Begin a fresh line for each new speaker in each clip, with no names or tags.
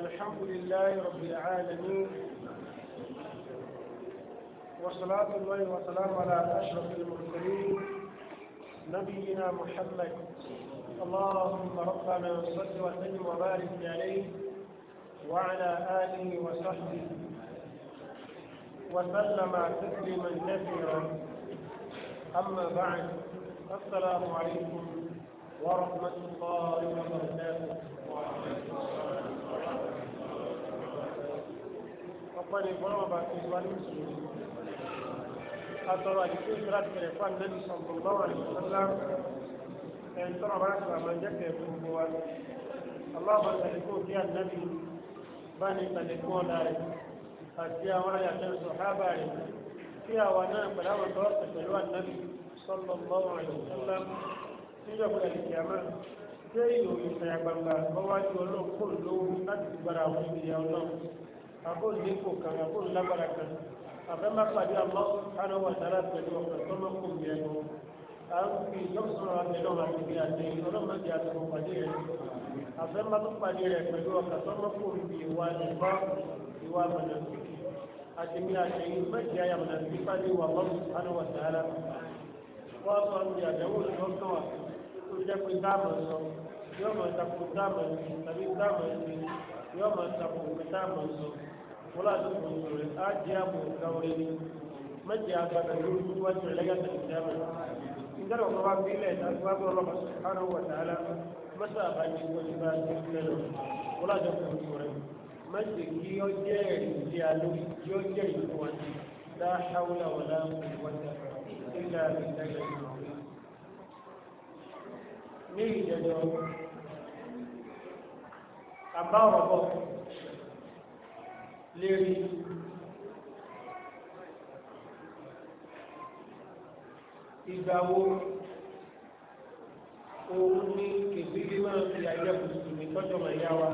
الحمد
لله رب العالمين وصلاة الله وسلام على أشرف المرسلين نبينا محمد اللهم ربنا صل وسلم وبارك عليه وعلى آله وصحبه وسلم تسليما كثيرا أما بعد
السلام عليكم ورحمة الله وبركاته ọ̀pọ̀ ni bọ́lọ́wọ́ bá ti wá ní ìṣòro àtọ̀rọ̀ àdìsí ìṣòro àti kẹrẹ̀ fún àdìsí sọ̀tọ̀ lọ́wọ́
àdìsọ́lá ẹ̀ń tọ́rọ̀ bá ti àmà jẹ́ kẹrẹ̀ fún gbogbo wa aláàbọ̀ tàlẹ́kọ́ kí ànábì bá ní tàlẹ́kọ́ ọ̀la rẹ̀ àti àwọn ayàtẹ̀ sọ̀hábà rẹ̀ kí àwa náà pẹ̀lú àwọn tọ́wọ́ pẹ̀lú ànábì sọ̀tọ̀ lọ́wọ́ àdìsọ́lá níjọba ìkìyàmá ṣé ìròyìn ìṣẹ̀yà gbangba àbó nípò kan àbó lágbára kan àfẹ́má pàdé àmọ́ subhanahu wa ta'ala pẹ̀lú ọ̀pẹ̀ tó mọ́ kò yẹ lọ à ń fi ìjọ́sọ̀rọ̀ àti lọ́wọ́ àti bí àti ọlọ́mọdé àti ọ̀pàdé rẹ̀ àfẹ́má tó pàdé rẹ̀ pẹ̀lú ọ̀pẹ̀ tó mọ́ kò bí ìwà ìbá ìwà mọ̀nàfíkì àti bí àti ìmọ̀jẹ̀ àyà mọ̀nàfíkì pàdé wà lọ́wọ́ subhanahu wa ta'ala wọ́n sọ ní àdéhùn ìjọ́sọ̀ tó jẹ́ pé dáàbò sọ yóò fulani kuskure ajiya mu kaure ni majiya ka da yuru kuma ce laga ta kiyama in da ba ba bile da ba ba Allah subhanahu wa ta'ala masa ba ni ko ba kuskure fulani kuskure maji ki yo je ti alu yo je ko
wa la hawla wa la quwwata illa billah
ni jado
abba wa lérí ìgbàwo òun ní kèbílì máa fi ayé mùsùlùmí tọ́jọ́ máa yá wa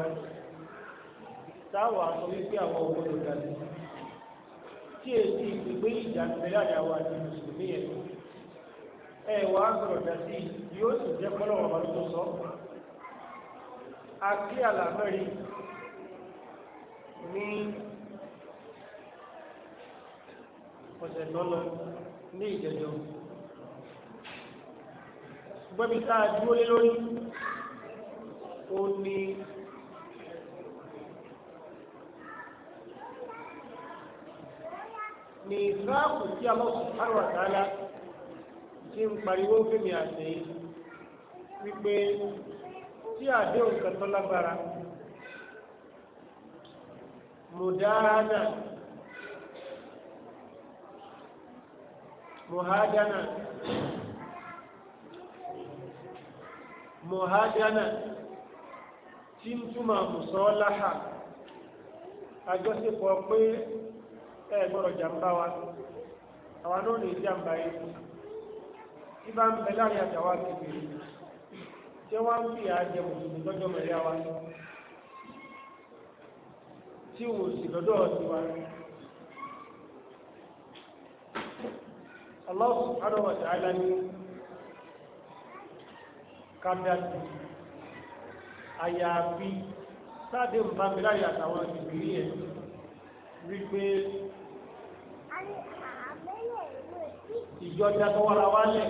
táwa sọ wípé àwọn owó ló dàbí tí èsì ìgbé ìjà ìgbéyà ni àwọn àti mùsùlùmí yẹn ẹ wà á sọ̀rọ̀ dàbí yóò sì jẹ́ kọ́lọ́wọ́ bá tó sọ àti àlàmẹ́rin ní ọ̀sẹ̀ lọ́lọ́ ní ìjẹjọ́ ṣùgbọ́n bí sáà dúró lé lórí ó ní
ní ìsáàkù tí a lọ́sùn àrùn àtàlá tí ń pariwo
fèmí àtẹ̀yìn wípé tí àdéhùn kan tó lágbára mùdáhánà mùhádánà mùhádánà tí ń túmọ̀ mùsọ́láhà àjọṣepọ̀ pé ẹ gbọ́dọ̀ jàmbá wa àwọn náà lè jàmbá yìí tí bá ń bẹ láàrin àtàwà kìbìrì tí wọ́n ń fi àjẹ mùsùlùmí lọ́jọ́ mẹ́rin wa tí wọ́n sì lọ́dọ̀ ọ̀sìn wa rẹ̀. Allah subhanahu wa ta'ala ní kábíyàtì àyàfi sáàdé ìbámiláyà àtàwọn ìbìrí ẹ̀ wípé
ìjọjà tó wà láwálẹ̀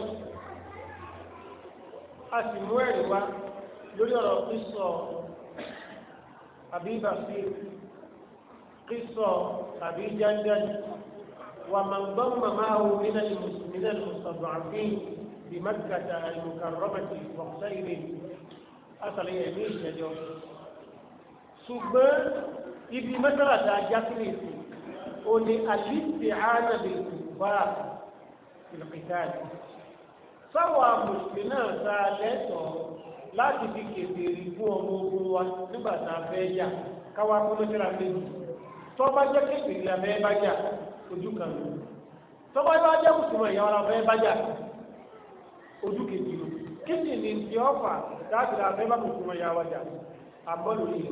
a sì mú ẹ̀rí wá lórí ọ̀rọ̀ písọ̀ àbí ìbàfíì písọ̀ àbí jáńjáńjáń ومن ضم معه من من المستضعفين بمكة المكرمة وقتئذ أصل يمين يجو ṣùgbọ́n ibi mẹ́tàlá tá a já sílẹ̀ sí o ní al-isti'ānah bil-kuffār fil-qitāl sáwọn mùsùlùmí náà ta lẹ́tọ̀ọ́ láti fi kèbèrè fún ọmọ ogun wa nígbà tá a fẹ́ yà káwá kọ́mọ́tẹ́lá méjì tó bá jẹ́ kèbèrè abẹ́ bá yà ojú kan ló tọ́kọ́ yóò jẹ́ kùsùmọ̀ ìyá ọ̀la fẹ́ bájà ojú kejì ló kí sì ní ti ọ̀fà láti ra fẹ́ bá kùsùmọ̀ ìyá wájà àbọ̀lù yìí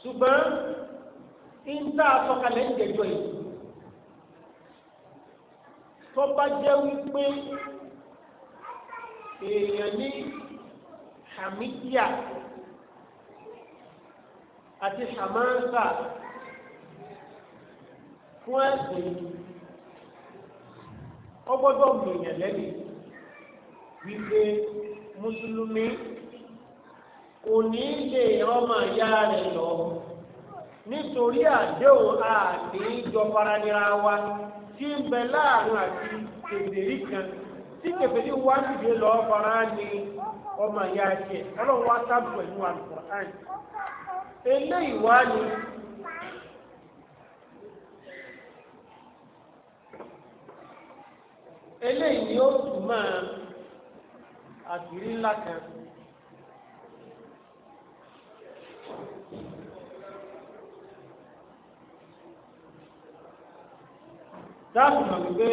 ṣùgbọ́n ìta àtọ́kalẹ̀ ń jẹjọ yìí tó bá jẹ́ wípé èèyàn ní hamidia àti hamasa fún ẹ̀sìn ó gbọ́dọ̀ gbìyàn wípé mùsùlùmí kò ní lè rọ́mọ ìyá rẹ̀ lọ nítorí àdéhùn àti nira wa tí ń bẹ láàrin àti kèbèrí kan tí kèbèrí wá dìde lọ fara ní ọmọ ìyá tiẹ̀ ọlọ́run wá pẹ̀lú àlùkò
eléyìí wá
eléyìí ni ó túmọ̀ àṣírí ńlá kan dáàbò mọ̀ wípé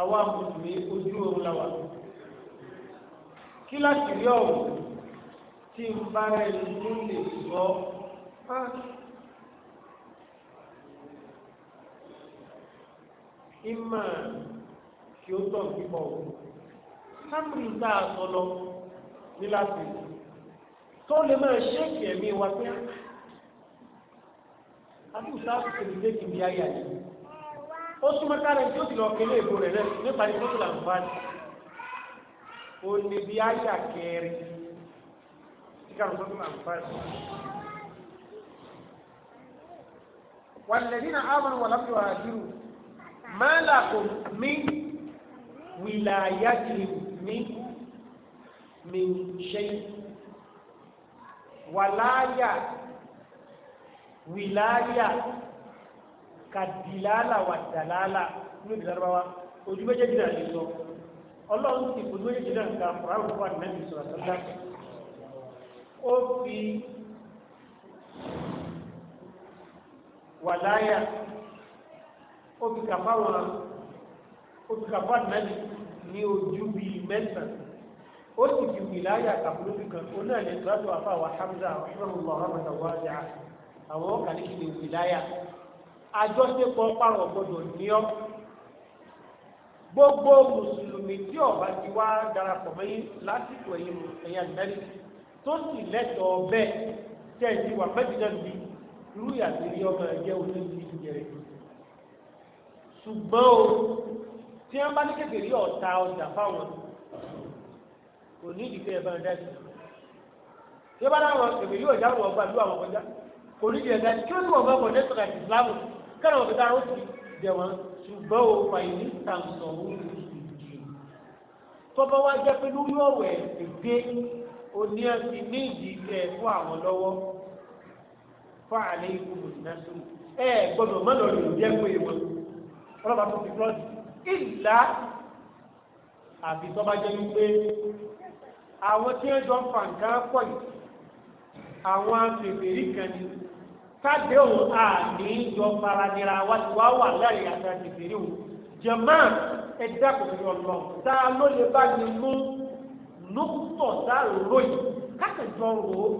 àwa mùsùlùmí ojú oorun la wà kí láti rí ọ̀hún tí ń bá rẹ̀ ló lè sọ ìmọ̀ kí ó tọ̀ kíkọ òun sábìrì tá a sọ lọ ní láti tó lè máa ṣéèkì ẹ̀mí wa pé àbúrò sáà kò lè léèkì bí ayé àyè ó súnmọ́ kárẹ̀ tí ó ti lọ kẹlé ìbò rẹ̀ rẹ̀ nípa ní fọ́tò làǹfààní ó ní bí ayà kẹrin tí kàrùn fọ́tò làǹfààní والذين آمنوا ولم يهاجروا ما لكم من wilayati mi min shay walaya wilaya kadilala wa dalala ní ìdí larabawa ojú méjèèjì náà lè sọ ọlọ́run ti ojú méjèèjì náà ka fúráwù fún àdínẹ́bì sọ̀rọ̀ sọ́dá ó fi wàláyà ó fi kàfáwọn ó ti kàfà nẹ́lì ní ojú bí mẹ́sàn ó sì fi wìláyà kàbúrúbì kan ó náà lè tọ́jú àfà wa Hamza rahmanullah rahmatan wasi'a àwọn ọkàlẹ́kì ní wìláyà àjọṣepọ̀ pàrọ̀ gbọdọ̀ ní ọ́ gbogbo mùsùlùmí tí ọba ti wá darapọ̀ mẹ́yìn lásìkò ẹ̀yìn ẹ̀yà nẹ́lì tó sì lẹ́tọ̀ọ́ bẹ́ẹ̀ tẹ́ẹ̀sì wà mẹ́tìlẹ́ bí irú tí wọ́n bá ní kékeré ọ̀ta ọjà fáwọn kò ní ìdíkẹ́ ẹ̀bá ẹ̀dá ẹ̀sìn tí wọ́n bá dáwọn kékeré ọjà wọn ọgbà lú àwọn kọjá kò ní ìdíkẹ́ ẹ̀dá kí wọ́n ní wọ́n bá kọ̀ nẹ́tọ̀ àti ìsìlámù kẹ́rọ̀ wọ́n fi dára ó sì jẹ wọn ṣùgbọ́n o fà yìí tàǹsọ̀ tọ́bọ̀ wá jẹ́ pé lórí ọ̀wẹ̀ èdè oní ẹ̀sìn ní ìdíkẹ́ fún àwọn lọ́wọ́ fún àlẹ́ ikú mùsùlùmí ẹ̀ gbọ́dọ̀ mọ́lọ́ọ̀lù jẹ́ pé wọn ọlọ́pàá tó fi flọ́ọ̀dì ìlà àbí tó bá jẹ́ wípé àwọn tí ó jọ ń fa nǹkan pọ̀ yìí àwọn bèbèrè kan ni káde òun àmì ìjọ faranira wá ti wá wà láàrin àti àtìbèrè òun jẹmọ́ ẹ̀dá kò fi ọlọ tá a ló lè bá ní mú lókùtọ tá a rò yìí kákẹjọ rò ó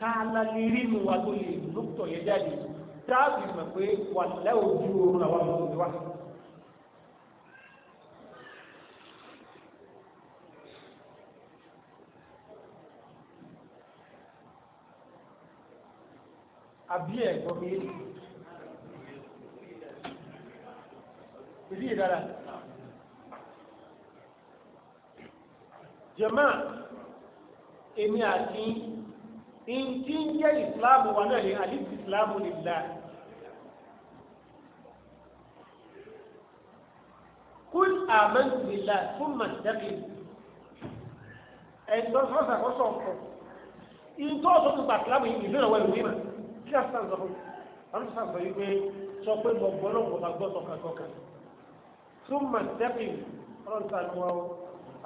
ká la lè rí mu wa tó lè lókùtọ yẹn jáde tá a fi mọ̀ pé wà lẹ́ ojú oorun làwọn ọmọ òun sí. àbí ẹ̀gbọ́n mi ìdí ìdára jẹ̀má èmi àti ìdí ń jẹ́ ìsìláàmù wa náà ní àdìsí ìsìláàmù nìlá kún àmẹ́ntì nìlá fún màṣẹ́kì ẹ̀gbọ́n sọ́sàkọ́sọ̀ ọ̀pọ̀ ìtọ́ ọ̀sọ́ tó pàtàkì láwọn ìlú ìlú ìrọ̀wẹ̀ ìlú ìmọ̀ kí àṣà sọ fún àwọn sọ sọ yìí pé sọ pé gbọ̀ngbọ̀n náà wọ́n bá gbọ́ tọkàtọkà tún mà tẹ́pì ọlọ́run ta ni wọ́n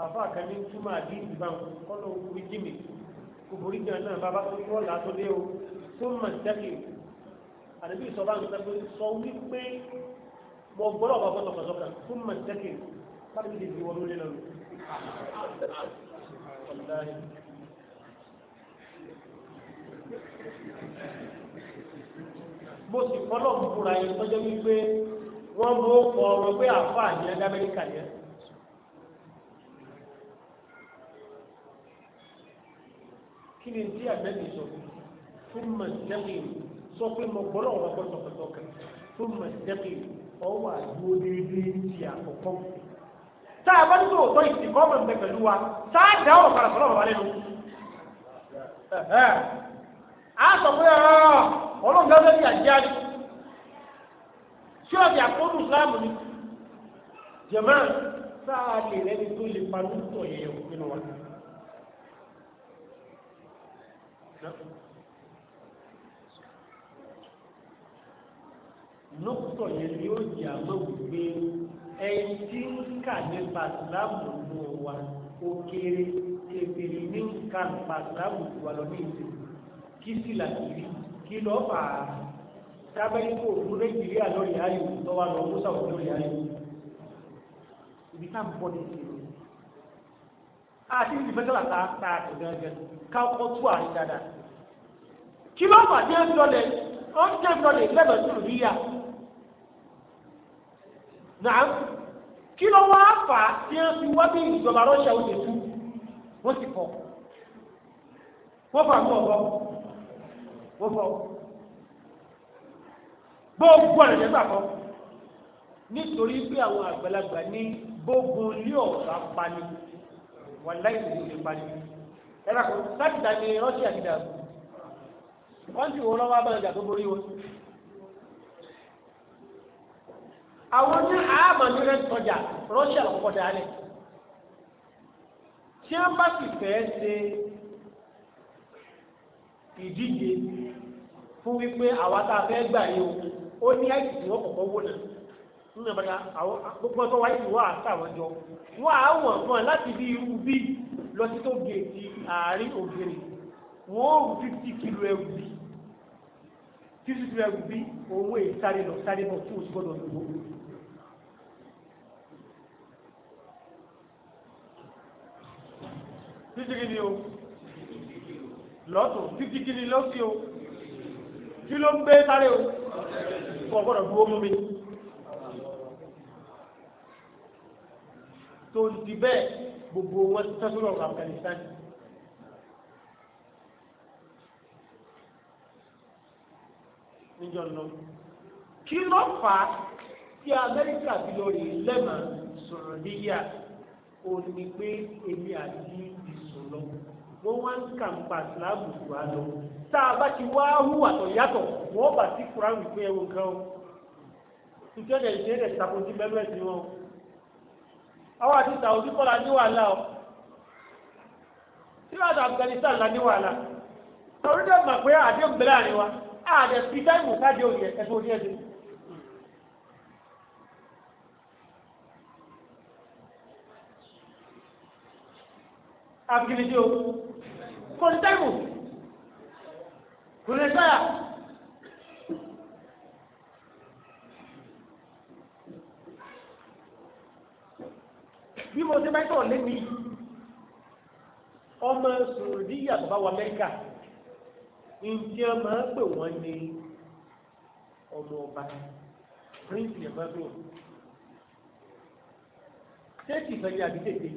àfa àkàní túmọ̀ àdí ìbọn kọ́nà orí jìmì kòkòrí jìmì náà bàbá tó tó ọ̀là tó dé o tún mà tẹ́pì àdébí ìsọba ń sọ sọ wípé gbọ̀ngbọ̀n náà wọ́n bá gbọ́ tọkàtọkà tún mà tẹ́pì lè di wọn lórí lọ́nà
mo sì fọ́lọ̀ ń fúnra
yín tọ́jọ́ wípé wọ́n mú ọkọ̀ ọ̀rọ̀ pé àfáà ní ẹgbẹ́ amẹ́ríkà yẹn kí ni tí àgbẹ̀bí sọ fún mọ̀tẹ́kì sọ pé mo gbọ́dọ̀ wọ́n gbọ́dọ̀ pẹ̀tọ́ kan fún mọ̀tẹ́kì ọwọ́ àdúró déédéé ti àkọ́kọ́ tá a bá ní tòótọ́ ìsìnkọ́ mọ̀ ń pẹ̀lú wa tá a dá ọ̀rọ̀ padà lẹ́nu a sọ pé ọ̀rọ̀ ọlọ́gbẹ́ lórí àjíjáde tí ọ̀dẹ̀ àkóónù islam ni jẹ̀mọ́ sáà lè rẹ́ni tó lè panú tọ̀ yẹ òpinnu wa. lókùtọ̀ yẹn ni ó jẹ́ àmọ́ wípé ẹni tí ń kà nípa ìsìláàmù ló wa ó kéré ní ń kà nípa ìsìláàmù ní ìsìnkú kí sì làkìrí kí lọ́ fà á tábẹ́líkò fún nàìjíríà lórí ayò tó wà lọ ó sàwọn ayò ibi tá à ń bọ́ ní ìṣèlú àti ìfẹ́sọ̀lá ta ta àtẹ̀gẹ́gẹ́ ká ọkọ̀ tú àárín dáadáa kí ló fà jẹ́ ńlọlẹ̀ ó ń jẹ́ ńlọlẹ̀ lẹ́bẹ̀ẹ́ tó rí yá náà kí ló wá fà tí ó fi wá bí ìjọba rọ́ṣà ó lè tú wọ́n ti kọ́ wọ́n fà kọ́ ọ̀gọ́ ó sọ gbogbo ọ̀rẹ́ yẹn gbàgbọ́ nítorí pé àwọn àgbàlagbà ní gbogbo ilé ọ̀sán pani wà láì ní ilé pani ẹ̀rọ kò láti dà ní rọ́ṣíà gíga wọ́n ti wọ́n lọ́wọ́ abẹ́rẹ́ ìjà tó borí wọn.
àwọn ní àmà ní rẹ̀ tọjà
rọ́ṣíà lọ́kọ̀ dálẹ̀ tí wọ́n bá sì fẹ́ ṣe ìdíje fún wípé àwa tá a fẹ́ gbà yìí o ó ní àìsí tí wọ́n kọ̀kọ́ wò náà nínú ìbára àwọn gbogbo ọjọ́ wáyé ìwọ́ àtàwọn jọ wọ́n á wọ̀n fún ẹ láti bí irú bí lọ sí tó gèèjì àárín ògèrè wọ́n ó rú fifty kilo ẹrù bí fifty kilo ẹrù bí owó èyí sáré lọ sáré bọ̀ fún òṣùgbọ́n lọ lọ́wọ́. fifty kilo lọ́tọ̀ fifty kilo lọ́sí o kí ló ń gbé sáré o kò gbọ́dọ̀ dúró mú mi. tó ń di bẹ́ẹ̀ gbogbo wọn ti tẹ́sán lọ́wọ́ Afghanistan. níjọ lọ kí ló fà á tí Amẹ́ríkà fi lọ rí lẹ́màá sọ̀rọ̀ níyà ó ní pé èmi àti ìsòlọ́wọ́ wọ́n wá ń kà ń pa ìsìláàmù ìwà lọ tá a bá ti wá hùwà tó yàtọ̀ wọ́n bá ti kura wípé ẹwọ kan o ìjọ dẹ̀ ìṣe dẹ̀ ṣàkóso bẹ́ẹ̀ bẹ́ẹ̀ sí wọn. àwọn àti sàwùjú kọ́la ní wàhálà o tí wọ́n àti Afghanistan la ní wàhálà torí dẹ̀ mọ̀ pé àdéhùn bẹ̀rẹ̀ àrín wa àdẹ̀ fi táìmù káde òye ẹ̀fọ́ orí ẹ̀dẹ̀. Afghanistan kò ní tẹ́lù kò ní sọ́yà. bí mo ṣe bá tọ̀ lémi ọmọ sòròdì yàtọ̀ bá wọ amẹ́ríkà ǹjẹ́ máa ń pè wọ́n ní ọmọ ọba prince yẹn máa ń ṣé kìí sọ yẹ àbí tètè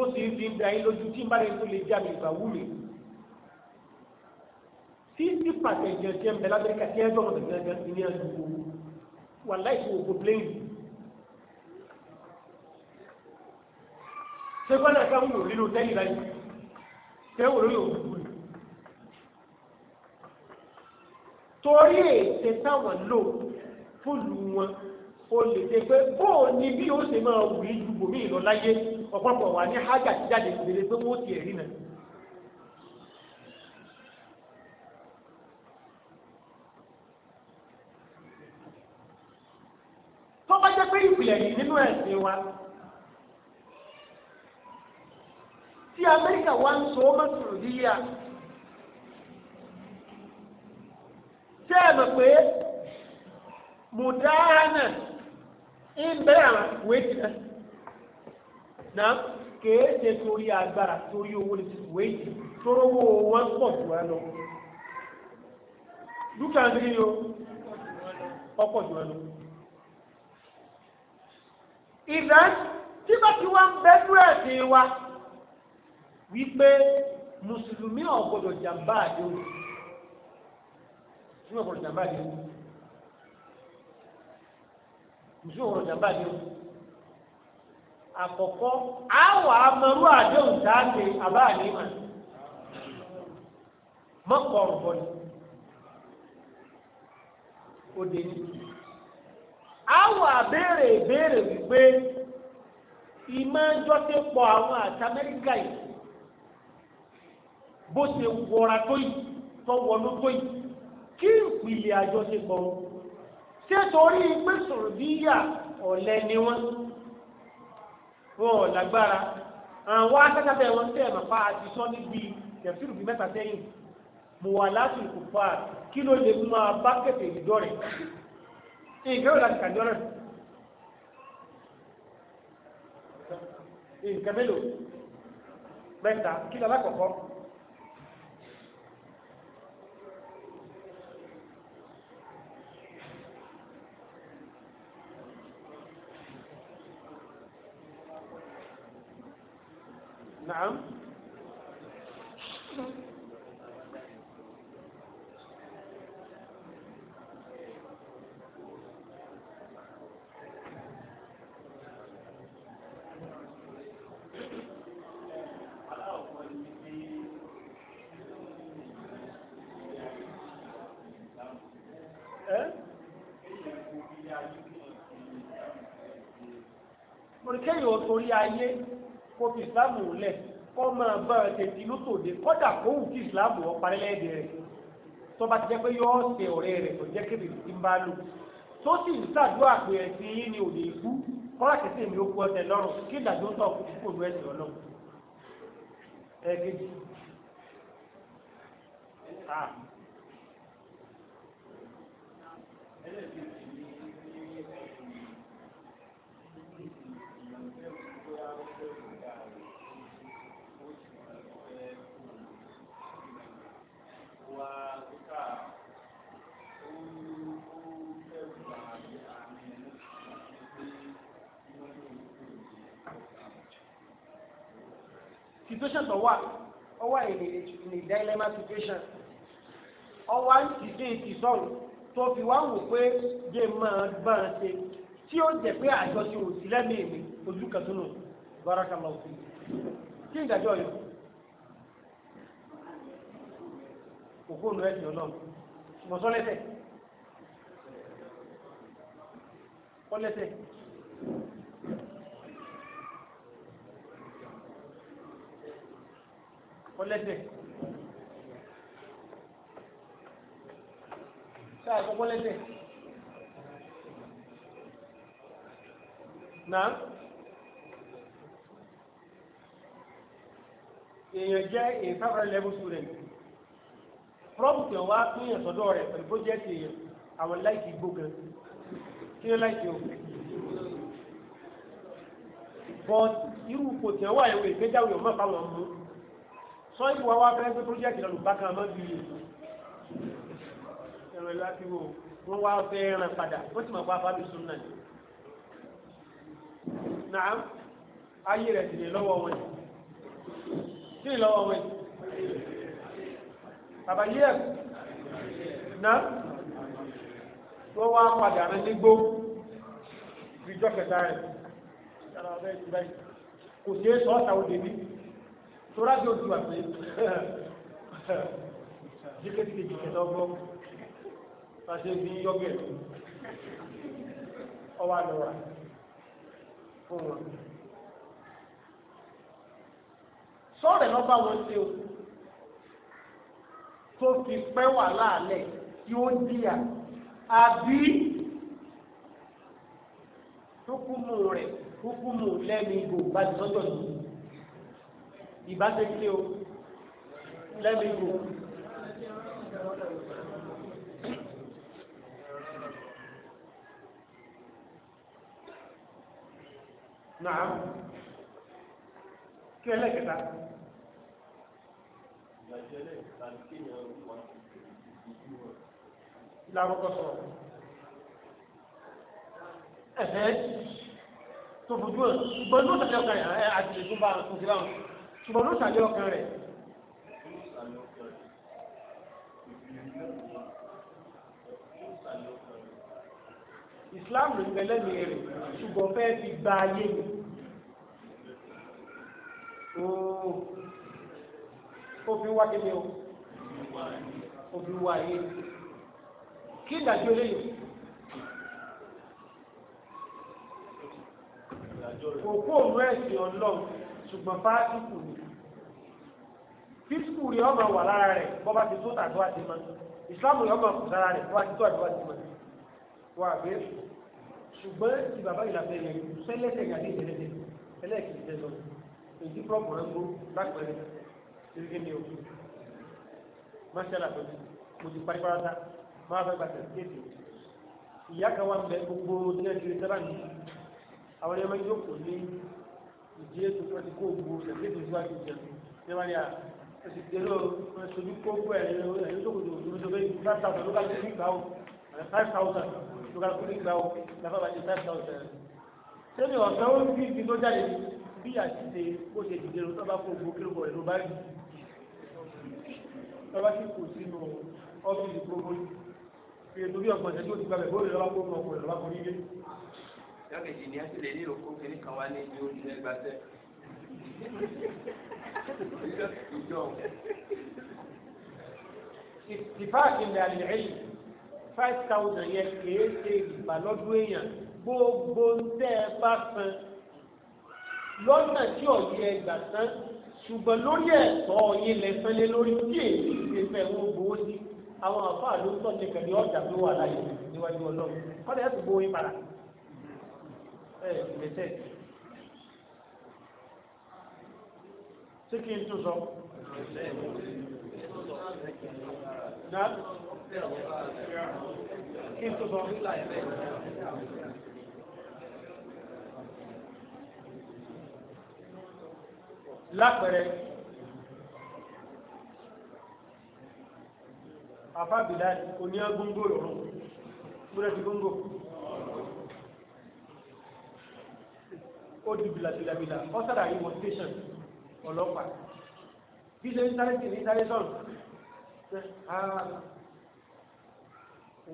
bó sì fi ń da yín lójú tí má lè tó lè já mi ìgbà wúlò tí tí pàṣẹ ìjẹ̀jẹ̀ mẹ́lá bẹ́ẹ̀ kàtí ẹ̀ dọ́rọ̀ gẹ́gẹ́ ní ẹ̀ lùkù wà láìsí òkú plẹ́yìn. ṣé gbọ́dọ̀ ká ń wò nínú tẹ́lẹ̀ láyé ṣé wò lórí òkú wúlò. torí ètè táwọn lò fúlù wọn o lè dé pé bóò ni bí ó ṣe máa wù í ju bòmí ìlọ láyé ọ̀pọ̀lọpọ̀ wà ní hájà jíjáde ìdílé pé wọ́n ti ẹ̀rí náà tó bá jẹ́ pé ìpìlẹ̀ yìí nínú ẹ̀sìn wa tí amẹ́ríkà wá ń so ọmọ sùrùdíyà tẹ́ ẹ̀ mọ̀ pé mùdáhánà ń bẹ́ àwọn ìwé jìnnà náà kéèjẹ torí agbára torí owó lè ti wé yìí tóró owó wọn pọ̀ jù wá lọ dúkìá ní yíyó ọ̀pọ̀ jù wá lọ. ìdá tí bá ti wá ń bẹ́ búrẹ́dì wa wípé mùsùlùmí ò gbọ́dọ̀ jàmbá àdéhùn mùsùlùmí ò jàmbá àdéhùn mùsùlùmí ò jàmbá àdéhùn. àkọ́kọ́ àwọ̀ amẹ́rú àdéhùn dáadé àbá àníma mọ́kànlá bọ̀ ni ó dé ní. àwọ̀ àbéèrè wípé ìmọ̀ ẹjọ́ pọ̀ àwọn àti amẹ́ríkà yìí bó ṣe wọra tó yìí tó wọnú tó yìí kí ìpìlẹ̀ àjọṣepọ̀ ṣé torí pé sọ̀rọ̀ bí yà ni wọ́n. wọn ò lágbára àwọn akẹ́kọ̀ọ́ wọn tẹ̀ mọ̀ pa àti sọ níbi tẹ̀síìrù bíi mẹ́ta sẹ́yìn mùwàlásù kò fà kí ló lè máa bá kẹ̀kẹ́ ìdọ́rẹ̀ nǹkan yóò láti kàdọ́rẹ̀ nǹkan mélòó mẹ́ta kí lọ́lá kọ̀ọ̀kan. ayé kó fi ìsìláàmù lẹ̀ kó máa bá ẹ tètè lótòdé kódà kó wù kí ìsìláàmù ọ parẹ́lẹ́dẹ rẹ̀ tó bá ti jẹ́ pé yóò ṣe ọ̀rẹ́ rẹ̀ tó jẹ́ kébì tí ń bá lò tó sì ń ṣàdúrà pé ẹ̀sìn yín ni ò lè kú kọ́lá kẹsẹ̀ mi ó kú ọtẹ lọ́rùn kí ìdájọ́ ń tọ́ kú kò lú ẹ̀sìn ọlọ́run ẹ̀ẹ́dẹ́jì ah. situation tó wà ó wà in a dilemma situation ọwọ́ ìdí ìsọ̀rọ̀ tó fi wá wò pé jẹ́ máa bá a ṣe tí ó jẹ́ pé àjọ ti òsì lẹ́mìí mi ojú kan baraka nù barakallahu fi kí ìdájọ́ yìí òkú ònú ẹ̀sìn ọlọ́run mọ̀sọ́lẹ́sẹ̀ ọlẹ́sẹ̀ kọ́lẹ́sẹ̀ sáà sọ kọ́lẹ́sẹ̀ náà èèyàn jẹ́ a favourite level student prọ́bùtì ọ̀wá pínyàn sọ́dọ̀ rẹ̀ pẹ̀lú project èèyàn àwọn láìsí gbógan kí ló láìsí o but irú kò tí wọ́n wà ẹ̀wọ̀ ìgbéjáwé ọmọ fáwọn mú sọ ìwà wa fẹ́ gbé pírójẹ́kì lọ́lù bá kan mọ́jú yìí ẹ̀rọ láti wò wọ́n wá fẹ́ ràn padà ó sì mọ̀ pa fábí sún náà náà ayé rẹ̀ sì lè lọ́wọ́ wọn sí lọ́wọ́ wọn bàbá yìí ẹ̀ náà wọ́n wá padà rẹ̀ nígbó ìjọ kẹta rẹ̀ kò sí é sọ́ọ́ta òdèmí tó rájò ojú àti jíkẹ́tíkẹ́ jíkẹ́tọ́ gbọ́ pàṣẹ bí yọ́gẹ̀
ọwà lọ́wà fún wọn
sọ́ọ̀rẹ̀ lọ bá wọn ṣe o tó fi pẹ́ wà láàlẹ̀ tí ó ń jìyà àbí hukumu rẹ̀ hukumu lẹ́nu ìgò bá ti sọ́jọ́ yìí ìbáṣekílẹ̀ o lẹ́mìíkù náà kí ẹlẹ́kẹta lárúkọ sọ̀rọ̀ ẹ̀fẹ́ tó fojú ẹ̀ ṣùgbọ́n ní ó tẹ̀lé àti ìgbúnbà tó fi láwọn ṣùgbọ́n ló ṣàyẹ ọkàn rẹ̀
islam ló ń bẹ lẹ́nu rẹ̀ ṣùgbọ́n
fẹ́ fi gba ayé mi ó fi wá kéde o ó fi wá ayé kí ìdájọ́ eléyìí kò kó òun ẹ̀sìn ọlọ́run ṣùgbọ́n fásitì ni fíṣkù rí ọmọ wà lára rẹ̀ bọ́ bá ti tó tàbí wá ti mọ́ ìsìláàmù rí ọmọ kù sára rẹ̀ bọ́ bá ti tó àbí wá ti mọ́ wà bẹ́ẹ̀ ṣùgbọ́n ti bàbá ìlànà ilẹ̀ sẹ́lẹ̀sẹ̀ yà ní ìdẹ́lẹ́dẹ́ ẹlẹ́ẹ̀kì tẹ̀sọ èyí púrọ̀pù rẹ̀ ń gbó lápẹ̀rẹ̀ ṣẹ́gẹ́ ní òkú máṣẹ́lá tó ti mo ti parí pátá máa fẹ́ gbàtẹ̀ kéèkì ìyá kan wà ń bẹ gbogbo nílẹ̀ ìdí ètò tó ti kó gbogbo ṣẹ̀fẹ́ tó síwájú jẹ ní wáyé à ó sì dé lọ wọn ṣojú kó gbọ́ ẹ̀ ẹ̀yọ́ tó kò tó tó tó bẹ́ẹ̀ bá tàbí ló bá tó ní ìgbà ó five thousand ló bá tó ní ìgbà ó láfa bá ti five thousand. sẹ́ni ọ̀sán ó ń bí ibi tó jáde bí àtìse bó ṣe dìde ló tọ́ba kó gbogbo kíló bọ̀ ẹ̀ ló bá rí
lọ́kẹ̀jì ni a ti lè ní òkú kìíní kan wá ní ibi oṣù ẹgbàtẹ́ ìjọ ìjọ
ìfáàkì ilẹ̀ àlẹ́yìn five thousand yẹn kìí ṣe ìgbàlọ́dún èèyàn gbogbo tẹ́ ẹ bá san lọ́nà tí ọ̀yẹ́ ẹgbà san ṣùgbọ́n lórí ẹ̀tọ́ yìí lẹ́sán lé lórí tí èyí ṣe fẹ́ wọ́n gbowó sí àwọn àfáà ló ń tọ́jú kẹ̀lé ọjà tó wà láyé níwájú ọlọ́run kọ́lẹ̀ ẹ̀ tó gbowó yín padà ẹ̀ ìgbésẹ̀
tí kí n tó sọ náà kí n tó sọ lápẹẹrẹ afábìlá oní agbóngbò
lọ́rùn múlẹ̀ ti gbóngbò ó di bìlàbìlàbìlà ọ́sàdà yìí wọ́n tẹ̀sán ọlọ́pàá bí ṣe ń sáré sí ní sáré sọ̀n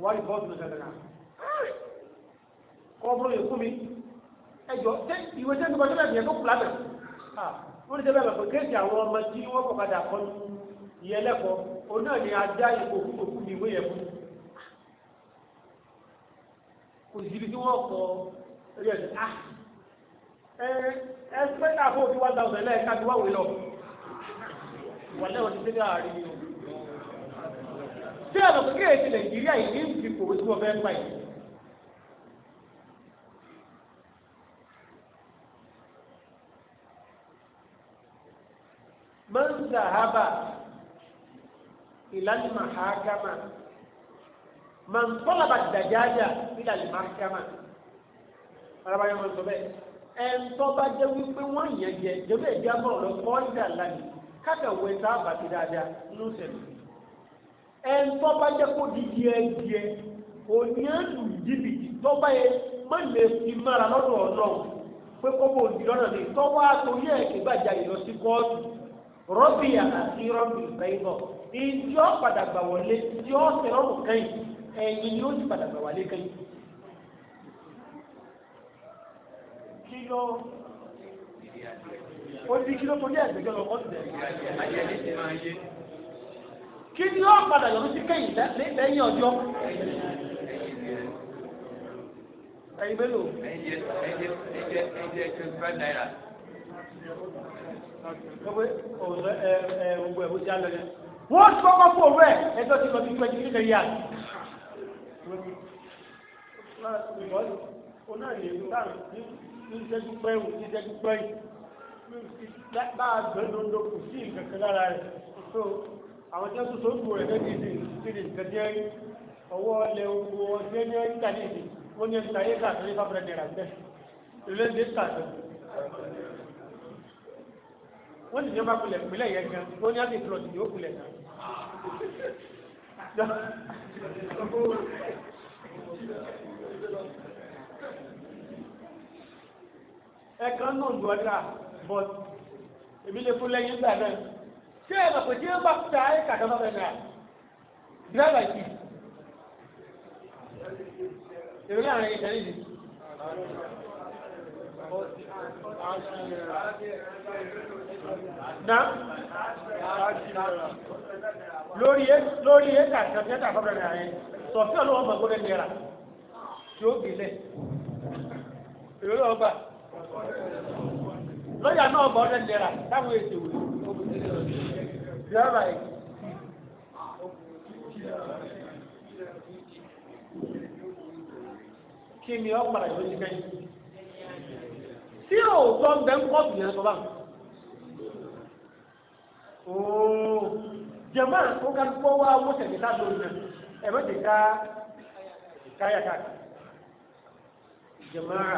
wáyé bọ́ọ̀sì ló ṣàkàrà kọ́ ọ́bùrọ̀ yẹn fún mi ẹjọ́ ìwé sẹ́ńtì bọ́ọ̀sì lẹ́yìn ẹ̀kọ́ kùlá bẹ̀ wọ́n ti bẹ̀rẹ̀ pé kéèsì àwọn ọmọ tí wọ́n kọ̀ padà kọ́ ìyẹn lẹ́kọ̀ọ́ òun náà ni ajá ìkòkú òkú mi ìwé yẹn fún kò sí ibi tí wọ́n kọ rí ẹ̀sìn ẹgbẹ́ náà fún òfin one thousand lẹ́ẹ̀ka tí wọ́n wé lọ
wà lẹ́wọ̀n ti tẹ́lẹ̀ àárín ni o. tí àlọ́ kékeré ti nàìjíríà yìí ní
ìdìbò tí wọ́n fẹ́ gbà yìí. من ذهب إلى المحاكمة من طلب الدجاجة إلى المحكمة أنا بقول لك ẹ̀ńtọ́ bá jẹ́ wípé wọ́n yẹn jẹ jẹ́bẹ̀ ìdí abọ́rọ̀ lọ lánìí kákàwé tá ti dáadáa ló sẹ̀lẹ̀ ẹ̀ńtọ́ bá jẹ́ kó di díẹ̀ díẹ̀ jìbìtì tó bá yẹ má lè fi mára lọ́dọ̀ pé lọ́nà tó wá torí ìlọ sí kóòtù rọ́bì àti rọ́bì padà gbà wọlé kíló ó di kíló tó ní ẹ̀gbẹ́jọ́ lọ kọ́ kí ni ó padà yọ̀rọ̀ sí kẹ́yìn lẹ́yìn ọjọ́
ẹ̀yìn mélòó. ẹ̀yẹ ẹ̀yẹ ẹ̀yẹ ẹ̀yẹ
wọ́n ti kọ́kọ́ fún òwúrọ̀ ẹjọ́ ti lọ sí twenty three naira. ọ̀nà ìlú náà ìlú náà ní ní ìṣẹ́jú pẹ́rù ní ìṣẹ́jú pẹ́rù bá a gbẹ́ lóńdó kò sí ìkẹ̀kẹ́ lára rẹ̀ so àwọn tí wọ́n tún sóògùn rẹ̀ lẹ́bi ìdí ìdí ìkẹ́jẹ́ ọwọ́ ilẹ̀ ogun ọjọ́ ní ẹ̀ka ní ìdí wọ́n ní ẹ̀ka yẹ́ka àtàrí fáfẹ́ nira bẹ́ẹ̀ ilé ní ẹ̀ka àtàrí wọ́n ti ní ọba kulẹ̀ pínlẹ̀ yẹn gan wọ́n ní àti plọ̀tì yóò kulẹ̀ náà ẹ̀kan náà ju ọjà but èmi lè fún lẹ́yìn ìgbà náà ṣé ẹ̀rọ pé tí ó bá ta ẹ̀ka tó bá bẹ̀rẹ̀ dírẹ́bà kì í
èrò láàrin ìjà nìyí. Na lórí ẹ̀ka tó tẹ́ta tó bẹ̀rẹ̀
rẹ̀ sọ̀fí ọlọ́wọ́ mọ̀gbọ́dẹ̀ nira tí ó gbélé. Èrò náà lọ́yà náà bọ̀ ọ́dẹ lẹ́ra táwọn èsì wò lọ́rọ̀ ẹ̀. kí ni ọ padà yóò ti kẹ́yìn tí ò tọ́ ń bẹ ń kọ́ bìyàn sọ báwọn. ooo jẹ̀mọ́ ó ká gbọ́ wá owó tẹ̀lé ká lórí náà ẹ̀rọ ti ká káyàkáyà jẹ̀mọ́ rà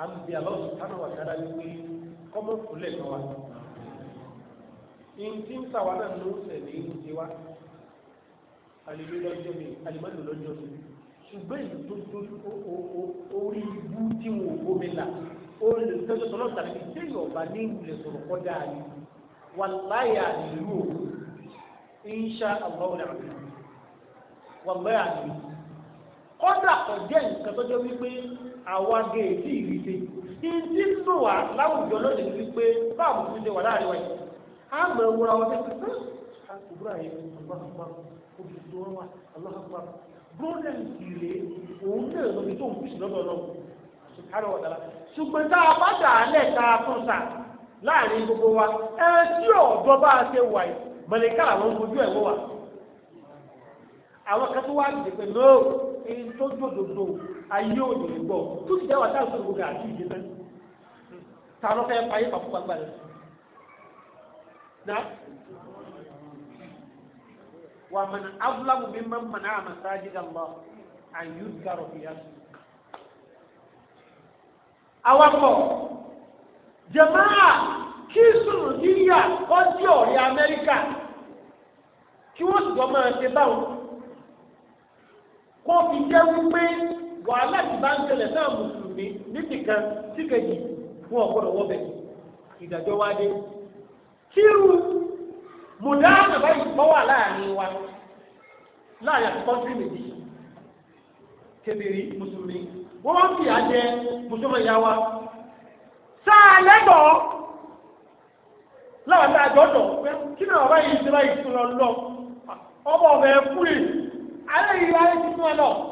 à ń bi àlọ́ sùkánà wà sára wípé kọ́mọ̀ fúlẹ̀ kan wa ní tí ń tàwa náà ló ń sẹ̀ ní ìdí wa àlèlú lọ́jọ́ mi àlèmọ́lò lọ́jọ́ mi ṣùgbọ́n èyí tó tó orí ibú tí wọn ò gómi là ó lè tọ́jú tọ́lọ́ tàbí déyìí ọ̀bá ní ìwúlẹ̀ sọ̀rọ̀ kọ́dá ni wàláyé àlèlú o insha Allah wàláyé àlèlú kọ́dà kọjá nǹkan tọ́jọ́ wípé àwa géètì ìrìsè ìdí tó wà láwùjọ lónìí wípé báàbù tó ṣe wà láàrin wáyé a mọ̀ ẹ̀wọ̀n àwọn tẹ́sí pé àkùbúrà yẹn aláhàpá oṣù tó wọ́n wà aláhàpá gbọ́dọ̀ ìrè òun náà lóbi tó ń kùsì lọ́dọ̀ lọ sùkárọ̀ ọ̀dàlà ṣùgbọ́n tá a bá dà á lẹ̀ tá a tún sà láàrin gbogbo wa ẹ tí ọ̀dọ́ bá a ṣe wà yìí mọ̀lẹ́kà àwọn ojú ẹ̀ wọ́n wà àwọn kan tó wá dìde pé lóò ayé òdì gbọ́ tó ti dáwà táà sọ̀rọ̀ gbogbo àti ìdí náà ta ló fẹ́ payé pàpọ̀ pàgbà rẹ̀ na wà mọ̀nà abúláwù mi máa ń mọ̀nà àmàsáájì dàlọ́ àyù gàrọ̀ fìyà sùn. awakọ̀ jẹ̀máà kí sùn níyà ọdí ọ̀rẹ́ amẹ́ríkà kí wọ́n sì jọ máa ṣe báwọn kó fi jẹ́ wípé wàhálà ti bá ń tẹ̀lẹ̀ náà mùsùlùmí kan tí kejì fún ọ̀gbọ́dọ̀ wọ́bẹ̀ ìdájọ́ wá dé. tíru mùdáàmù báyìí wà láàrin wa láàrin àti kọ́ńtírì méjì kébìrì mùsùlùmí wọ́n wá jẹ mùsùlùmí ìyá wa. sáà lẹ́tọ̀ọ́ láwọn a jọ kí ni yìí ti báyìí ọ lọ yìí wáyé ti fún ẹ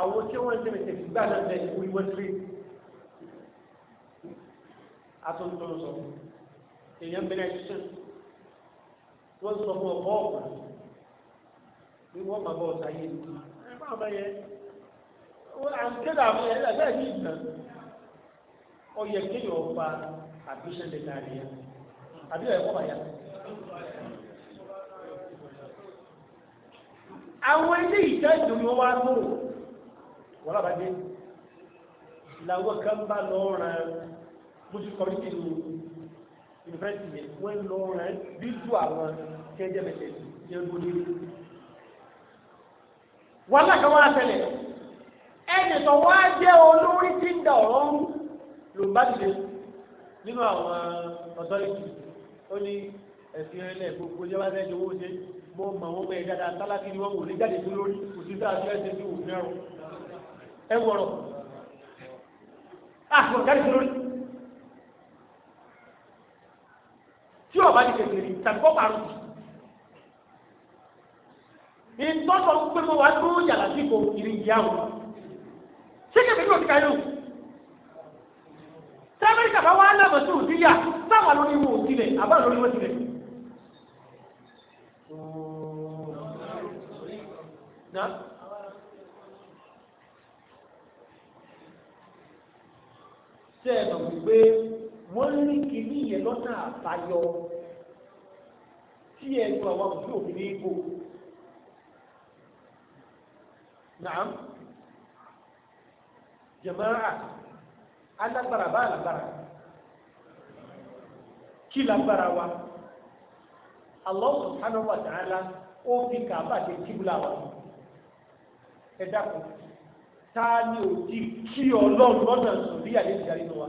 àwọn tí wọ́n ṣe mẹ́tẹ̀ gbígbà náà bẹ̀ orí wọ́n tí àtúntún sọ èèyàn bẹ̀rẹ̀ ṣíṣẹ́ wọ́n sọ fún ọ̀pọ̀ ọ̀pọ̀ ní wọ́n máa bọ́ ọ̀sá yé nìkan ẹ máa bá yẹ àǹkédà àwọn ẹ̀rẹ́ bẹ́ẹ̀ ní ìgbà ọ yẹ kéèyàn ọba àbíṣẹ́ lè dáa nìyà àbí ẹ̀kọ́ bàyà àwọn ilé ìjẹ́ ìdùnnú wa wọ́n lábàá dé làwọn kan bá lọ ràn mojú kọrí nínú yunifásitì yẹn wọ́n lọ ràn bíjú àwọn kẹ́jẹ́ mẹ́tẹ̀ yẹn gbóni. wọ́n lákà wọ́n àtẹlẹ̀ ẹnì tó wá jẹ́ olórí tí ń da ọ̀rọ̀ ń lò bá dìde nínú àwọn ọ̀tọ́lẹ̀tì ó ní ẹ̀sìn ẹlẹ́ gbogbo jẹ́ bá fẹ́ jowó ṣe mo mọ̀ wọ́n bẹ́ẹ̀ dáadáa tálákì ni wọ́n wò ní jáde tó kò sí sáà fẹ́ẹ́ ṣe sí òfin ẹ̀rọ ẹ wọ̀rọ̀ àti ọ̀gá ìṣòro tí ọba ní kékeré tàbí kọ́ parọ́ ìtọ́sọ̀ pé mo wá tó yàrá sí kò kiri ìyáwó ṣé kébìrì ò ti ka yóò tí amẹ́ríkà bá wá lẹ́mọ̀ sí òdíyà sáwà lórí wọn òdílẹ̀ àbá lórí wọn òdílẹ̀ náà pé wọ́n ní kìíní yẹn lọ́nà àbáyọ tí ẹnu àwọn òbí òfin ní ibò. Nàám, jẹ̀mọ́ra, alágbára bá alágbára, kí wa, Allah subhanahu wa ta'ala ó fi kàbà dé wa. Ẹ dákun, ni ò kí ọlọ́run lọ́nà sọ̀rí wa?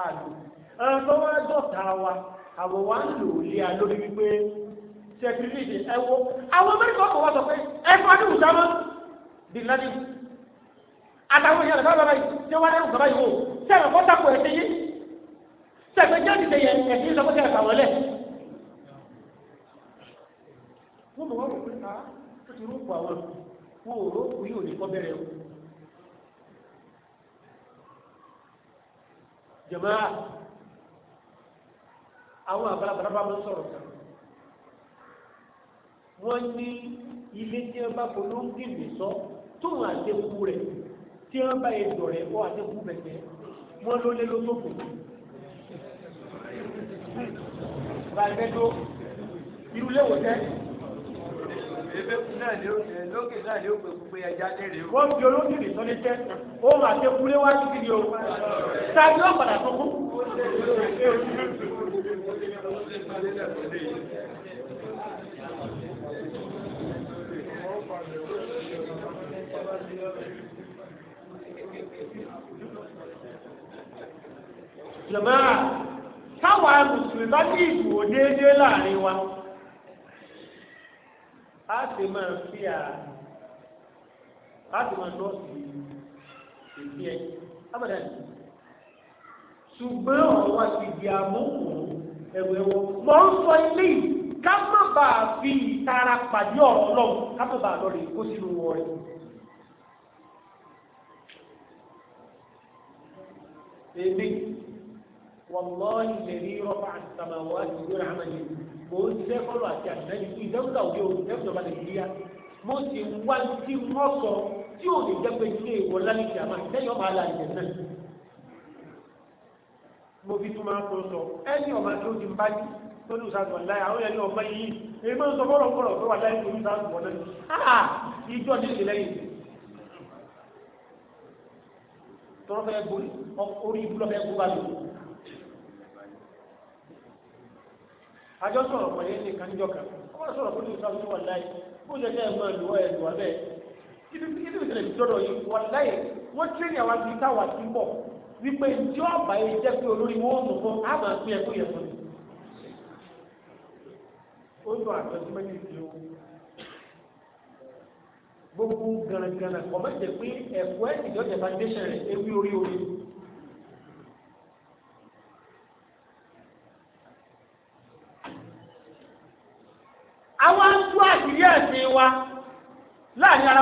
àlò ẹ̀rọ wá dọ̀tà wa àwọ̀ wá ń lò lé a lórí wípé sẹkìrìtì ẹwọ́ àwọn mẹ́rin kọ́ wá sọ pé ẹ̀fọ́ ní ìsámọ́ bìnnádì àtàwọn èèyàn lọ́wọ́ bàbá yìí tí wọ́n lẹ́nu bàbá yìí wò sẹ́yìn kọ́ tako ẹ̀sẹ̀ yìí sẹ́yìn jáde ṣe yẹn ẹ̀sìn sọ pé sẹ́yìn kàwọ́ lẹ̀. wọ́n mọ̀ wọ́n rò pé a ah, ó jẹ̀máà àwọn àgbàlagbà bá mọ́ sọ̀rọ̀ kan wọ́n ní ilé tí wọ́n bá kọ́ ló ń gbìmí sọ tóun àdékù rẹ̀ tí wọ́n bá yẹ dọ̀rẹ́ ọ àdékù bẹ̀tẹ̀ wọ́n ló lé lóṣòfò
ràìmẹ́dó irú léwọ̀ jẹ́ ebékun
wọ́n fi olókìrì sọ ní jẹ́ òun àti wá sí kiri o sáájú ọ̀padà tó kú. jọ̀bẹ́rà táwọn mùsùlùmí bá ní ìdùnnú déédéé láàrin wa a ti máa fi à a ti máa lọ sí ìdí ẹ abàdà ni ṣùgbọ́n ọ̀rọ̀ wa ti di amóhùn ẹ̀wẹ̀ wọn mọ̀ ń sọ ilé yìí ká má bàa fi ìtara pàdé ọ̀rọ̀ ọlọ́run ká má bàa lọ kó sínú wọn rẹ̀. Ebi, wàlláhi lè rí rọ́pà àti sàmáwá àti ìwé ràmàlì mò ń ṣiṣẹ́ fọ́lọ́ àti àtìlẹ́yìn fún ìdẹ́kùtà òde òde ìdẹ́kùtà ọba nàìjíríà mo sì wá tí wọ́n sọ tí ò lè jẹ́ pé ilé ìwọ lálẹ́ ìjà máa lẹ́yìn ọba alá ìjẹ náà. mo fi tún máa ń sọ ẹni ọba tó ti ń bá yí tó ní ìsàgbọ̀ láyà àwọn ẹni ọba yìí èyí máa ń sọ fọ́lọ́ fọ́lọ́ tó wà láyé tó ní ìsàgbọ̀ náà ìjọ ní ìlẹ́yìn tọ́lọ́fẹ́ borí orí ibùdó
àjọ sọ̀rọ̀ pẹ̀lú ẹni kan níjọ
kan ó wá sọ̀rọ̀ pẹ̀lú ìsọ̀rọ̀ sí wọn láì ó jẹ́ kẹ́ ẹ̀ máa lùwọ́ ẹ̀ lùwọ́ bẹ́ẹ̀
ibi ibi ìṣẹ̀lẹ̀ ìjọdọ̀ yìí wọn láì wọ́n tún ní àwọn
ibi táwa ti ń bọ̀ wípé tí ó bá yẹ jẹ́ pé olórí wọn mú fún á máa pín ẹkú yẹn fún mi. ó lọ àjọ sí méjì sí o gbogbo gangan kọ̀ mẹ́jẹ̀ pé ẹ̀kọ́ ẹ̀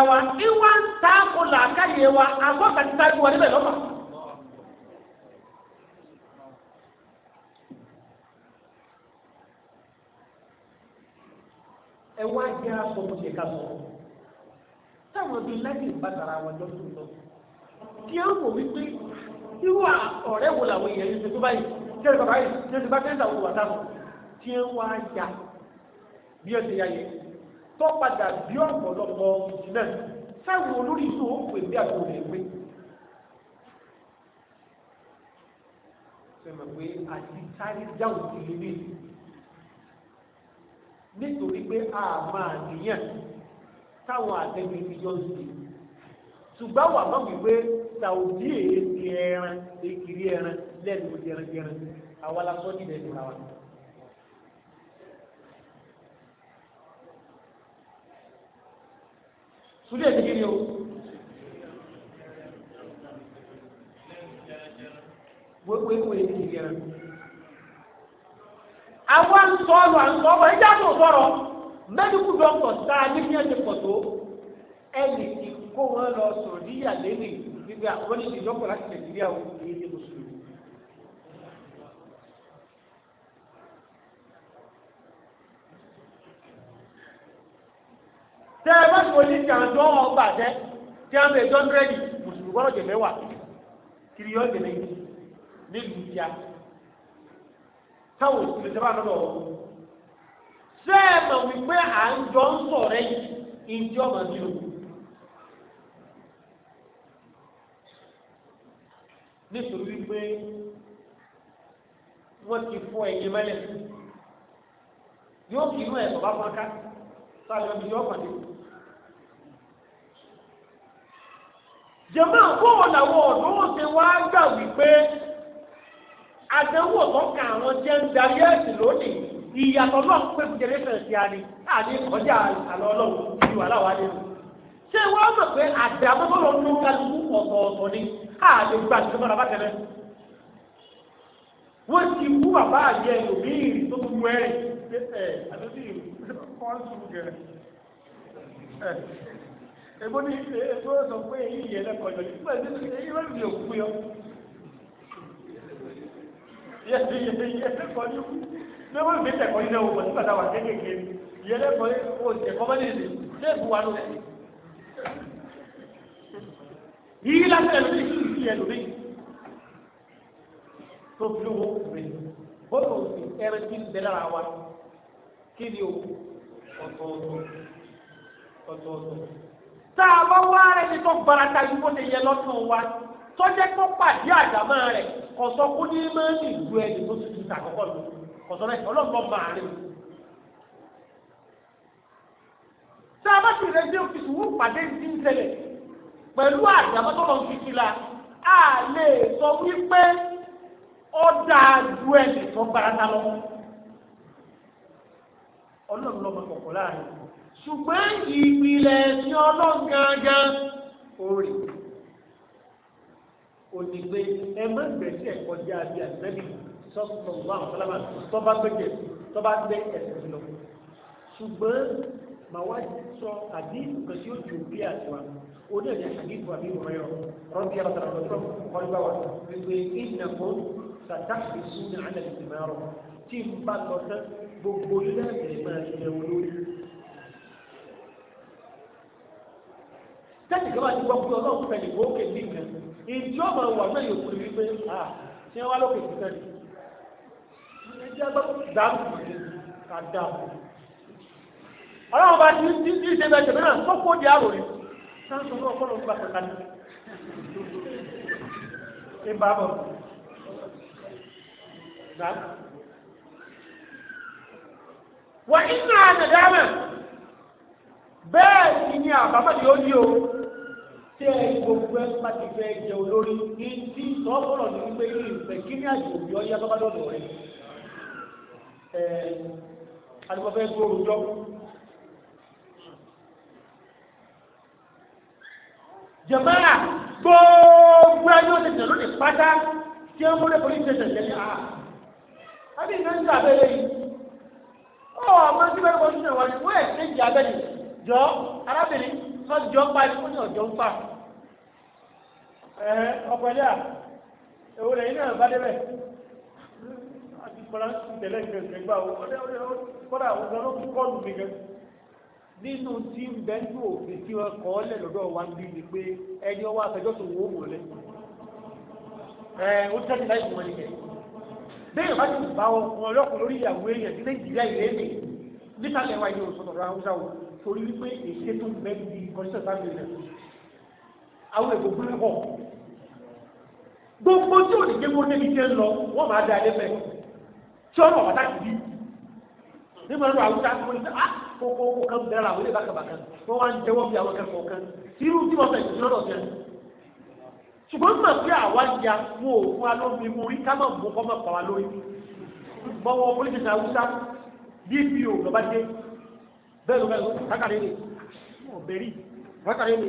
wa iwa nta laaka yie wa agbọ katita ju wa níbẹ̀ lọ́mọ. ẹ wá jẹ́ aṣọ mo ṣe ka sọ táwọn bíi lẹ́yìn ìbátara wọn jọ tó lọ kí ẹ wò wípé irú wo làwọn èèyàn yìí ṣe tó báyìí kí ẹ kí ẹ bá kẹ́ńtà wò wà táwọn tí ẹ tó padà bí ọ̀pọ̀lọpọ̀ ìjìnlẹ̀ sáwọn olórí ìṣó ó pè bí àti òun ẹgbẹ́ sẹ́mọ̀ pé àti táyé dáhùn sí lélẹ̀ nítorí pé a máa nìyàn táwọn àtẹ́gbẹ́ ti yọ sí ṣùgbọ́n wà mọ́ wípé sàwùdí èé ti ẹran èkìrí ẹran lẹ́nu jẹranjẹran àwọn aláṣọ́ nílẹ̀ ìdúrà
sùúrù èdè kiri o. wéwé wéé kiri ẹran.
a ní bíyẹn ti tó ẹnì kó wọn lọ sọ̀rọ̀ níyàlẹ́ nì nígbà wọn ní ìdíjọ́pọ̀ láti Nàìjíríà o. tẹ ẹ bá ti wọlé ní àjọ ọgbà tẹ tí a ń bẹ john grady mùsùlùmí gbọ́dọ̀ jẹ mẹ́wàá kiri yọ jẹlẹ yìí nílùú bíà táwọn òsì lè sábà lọ́dọ̀ ọ̀hún. ṣé ẹ mọ̀ wípé à ń jọ ń sọ̀rọ̀ yìí ìjọ ọmọ mi ò. nítorí wípé wọ́n ti fọ ẹ̀yìn mẹ́lẹ̀ yóò kí inú ẹ̀ bàbá fọ́nká sáà lọ́dún yóò pàdé kù. jẹ̀mọ́ àkóhò làwọn ọ̀dọ́ wọn ṣe wá gbà wípé àdéhùn ọ̀tọ́ka àwọn jẹ́ ń darí ẹ̀sìn lónìí ìyàtọ̀ náà pé jẹrẹsẹ̀ sí a ni àní kọjá àlọ́ ọlọ́run ju aláwa dé ṣé wọ́n mọ̀ pé àdé abọ́bọ́lọ́ ló kálukú ọ̀tọ̀ọ̀tọ̀ ni àdé gbà tó mọ́ra bá tẹ̀lé wọ́n ti wú bàbá àjẹ òbí ìrì tó tún mú ẹ̀rì ẹ̀ àdébí ìrì kọ́ èbó ní èbó sọ pé èyí yẹ lẹ́kọ̀ọ́ yọ nígbà tí èyí rẹ̀ lè kú yọ. yẹ yẹ lẹ́kọ̀ọ́ ní kú bí wọ́n fi tẹ̀kọ́ ilé wọn nígbà táwọn kéékèèké yẹ lẹ́kọ̀ọ́ o tẹ̀kọ́ bá lè lè lẹ́kù wa lọ. yìí lásìkò ẹ̀lú ti kí ìyẹn lórí tó fi lówó rẹ̀ bọ́ọ̀lù òsì ẹ̀rẹ́ ti ń bẹ lára wa kí ni o
ọ̀tọ̀ọ̀tọ̀ ọ̀tọ̀ọ̀tọ̀
tá a bá wá ẹni tó barata yìí bó ti yẹ lọ́sàn wa tó jẹ́ kó pàdé àdámọ́ rẹ̀ kò sọ kó ní máa ń ìlú ẹni tó ti ti sàkọ́kọ́ lọ kò sọ bẹ́ẹ̀ ọlọ́mọ máa rí o. tá a bá sì rẹ̀ dé òfìsì wú pàdé ní ìṣẹ̀lẹ̀ pẹ̀lú àdámọ́ tó lọ fi ti la a lè sọ wípé ó dáa ju ẹni tó barata lọ. ọlọ́run lọ́mọ kọ̀ọ̀kan láàrin ṣùgbọ́n ìpìlẹ̀ ẹ̀sìn ọlọ́run gangan orí òdìgbé ẹ má gbèsè kọjá bí àtẹ́bí sọ́kùnrin ọ̀gbọ́n àwọn sálámà tọ́ba gbèsè tọ́ba gbé ẹ̀sìn lọ ṣùgbọ́n màá wá sọ àdéhùn kan tí ó ju bí àtiwá oní ẹ̀jẹ̀ àdéhùn àbí ìwọ̀nyọ̀ rọ́bì àbàtà ọ̀dọ́ kọ́ńgbà wà wípé ìnàkó sàtàkì sún ní àlẹ́ ìgbìmọ̀ ẹ̀rọ tí ń bá lọ tẹ́lẹ̀ kan bá ti gbọ́ pé ọlọ́run fẹ́ lè gbókè ní ìgbà ìjọ ọmọ wà náà yóò kúrò wípé à ṣé wá lókè sí tẹ́lẹ̀ ẹjẹ́ bá dàrú kàdà ọlọ́run bá ti ti ti ṣe bẹ́ẹ̀ tẹ̀lé náà tó kó di àrò rẹ̀ sáńsọ náà kọ́ ló ń gbà
pẹ̀lú ẹ bá bọ̀ dàrú.
wà nínú àdàdà náà bẹ́ẹ̀ ni àbámọ́ ni ó ní o tẹ ẹ gbogbo ẹ bá ti fẹ́ jẹ olórí ní tí sọ́kọ̀rọ̀ ní wípé ní ìfẹ́ kí ní àjò òbí ọyá bá bá dọ̀dọ̀ rẹ̀ ẹ adúgbò fẹ́ gbòòrò jọ. jẹ̀mọ́ à gbogbo ayé ọ̀sẹ̀ tẹ̀lé lónìí pátá tí wọ́n múlẹ̀ polisi tẹ̀lé tẹ̀lé à. a ní ìnáwó ní abẹ́lé yìí ọ̀ ọmọ tí bẹ́ẹ̀ bọ́ sí ìwádìí wọ́n ẹ̀ ṣe jẹ́ abẹ́lé jọ arábìnrin sọ́jọ́ pa ẹni fún ọjọ́ ń fà ẹ̀ẹ́ ọ̀pẹ̀lẹ́ à èwo lẹ́yìn náà bá débẹ̀
àti faransé tẹ̀lé gẹ̀gẹ̀ gbà ó
kọ́dà ọ̀gán ló kọ́ lù mí gan nínú tí ń bẹ́ ní òfin tí wọ́n kọ́ lẹ̀ lọ́dọ̀ wa ń bí ni pé ẹni ọwọ́ àtẹjọ́ tó wó wò lẹ̀
ẹ̀ ó tẹ́lẹ̀ láì mọ̀ nìyẹn
bẹ́ẹ̀ bá ti bá ọkùnrin ọlọ́kùnrin lórí ìyàwó èèyàn ní nàìjíríà ìrẹ́lẹ̀ nípàlẹ̀ wa yóò sọ̀tọ̀ haúsá o torí wípé èké tó ń bẹ́ ní kọ́ńtà tí ò ní gbégbó débi tí ń lọ wọ́n máa da ilé fẹ́ tí wọ́n mọ̀ pàtàkì bí nígbà tó àwọn ọ̀dà tó ń sẹ́ ah kókó kó kan bẹ̀rẹ̀ àwọn ilé bákàbàkà wọ́n wá ń jẹ́wọ́ bí àwọn kẹfọ́ kan irú tí wọ́n fẹ́ ìṣúná lọ́sẹ̀
ṣùgbọ́n mà pé àwa
ya wọn ò fún wa lómi mú rí ká má mú kọ́ má pa wa lórí bọ́wọ́ polisi ta wúsá dpo lọ́ba dé bẹ́ẹ̀ ló bẹ́ẹ̀ ló kákàrí ni ọ̀bẹ̀rì kákàrí ni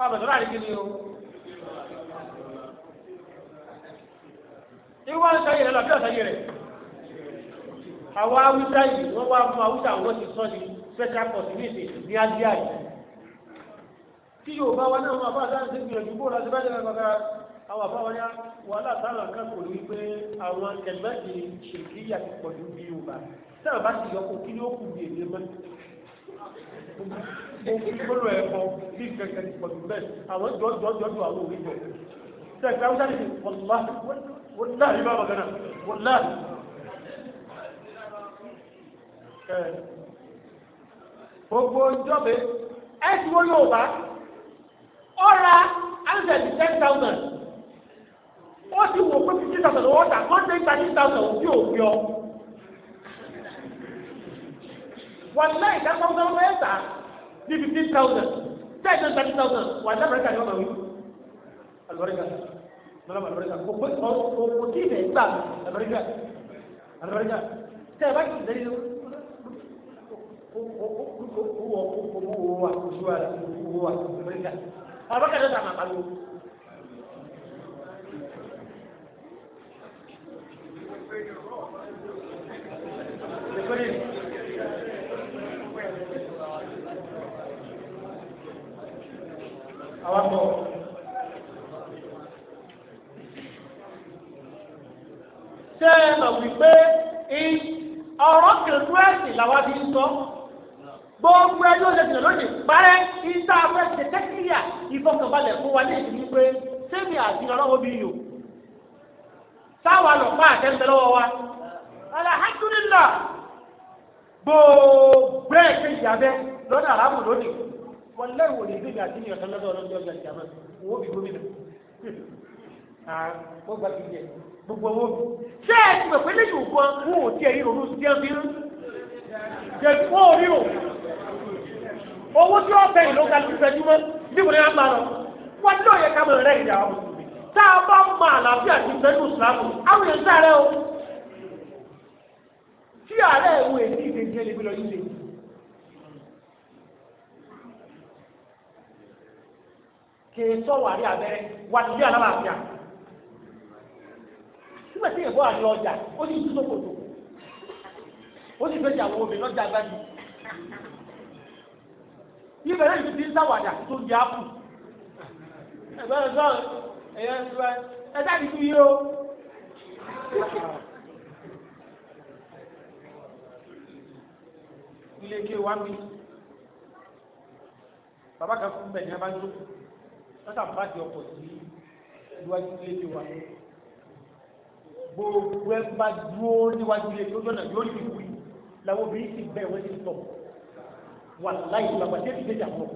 fáwọn ìdọ́rà àdìgí o.
ìwọ ń sọ yìí rẹ lọ àwọn awúsá yìí wọ́n wá mú awúsá àwọn ti sọ ní special course ní ìsìn ní ádíà yìí. tí yóò bá wa náà wọn àbá àdáhùn sí gbìyànjú bó lọ́sẹ̀ bẹ́ẹ̀ lọ́sẹ̀ bàbá àwọn àbá wọn yá wàhálà táwọn kan kò ní pé àwọn kẹlẹ́ẹ̀dì ṣèkíyà ti pọ̀ ju bí Yorùbá táwọn bá ti yọ gbọ́dọ̀ ẹ̀ kọ́ bí kẹ̀kẹ́ ti pọ̀jù bẹ́ẹ̀ àwọn jọjọjọjọ àwọn òwe jọ sẹ́ẹ̀kì àwọn sáré wọláàrí bá bàgánà wọláàrí gbogbo ìjọba ẹ̀ tí wọ́n yóò bá ọ̀ra hundred ten thousand ó ti wò pé fifty thousand wọ́n ta hundred thirty thousand òbí òbí wàláì dákọ̀ọ́gbọ́n ọmọ ẹ̀ sà ní fifteen thousand ten to thirty thousand wàláì amẹ́ríkà ni wọ́n máa wí. alùbáríkà lọ́la alùbáríkà kò pé kò tí ì lè gbà alùbáríkà alùbáríkà tẹ́ ẹ bá kì í lẹ́yìn owó wa oṣù wa alùbáríkà alùbáríkà ló sà máa pariwo. ṣé ẹ mọ̀ wípé ọ̀rọ̀ kìlú ẹ̀sìn làwa fi ń sọ gbogbo ẹni ó lè jìnnà lónìí parẹ́ iṣẹ́ abẹ́ ṣe tẹ́kíríà ìfọkànbalẹ̀ fún wa ní ìdí wípé sẹ́mi àti ọlọ́wọ́ bí yòó sáwà lọ fún àtẹ́ńtẹ́ lọ́wọ́ wa alhamdulillah gbogbo ẹ̀ kejì abẹ́ lọ́dà aráàmù lónìí wọn lẹ́rù wò lè gbé mi àti ní ọ̀sán lọ́dọ̀ ọlọ́dún ọjà ìjàmbá owó bí gómìnà gbogbo owó ṣé ẹ ti pèpè lè yòó gan wọn ò tiẹ̀ yìí ronú sí ẹbí rú
jẹ̀bi wọn ò rí o
owó tí wọ́n fẹ́ yìí ló ga ti fẹ́jú mọ́ níbo ni wọ́n máa lọ wọ́n ní òye ká mọ̀ rẹ̀ ìyá o tá a bá mọ àlàáfíà ti fẹ́jú ìsìlámù àwọn èèyàn sáré o tí ààrẹ ìwé èdè ìdèjì ẹlẹ́gbẹ́ lọ yíyẹ. kì í sọ wàrí abẹ́rẹ́ wà nígbà tí àti ọjà ó ní ìtúsọ kòtò ó sì fẹ́ ìyàwó obìnrin lọ́jà gbájú ibẹ̀ náà ti ń sáwàdà tó di ápù ẹ̀gbọ́n ẹ̀gbọ́n ẹ̀yẹ ẹ̀gbọ́n ẹ̀dá ti fi yé o. ilé ike wa mi bàbá kan fún bẹ́ẹ̀ ni a bá ń ọkọ̀ sí iwájú ilé ike wa mi gbogbo ẹ bá dúró níwájú ilé tó lọ́nà yóò ní ìwúrí làwọn obìnrin sì bẹ̀rẹ̀ wọ́n ti sọ wà láì bàbá dé ti déjà pọ̀.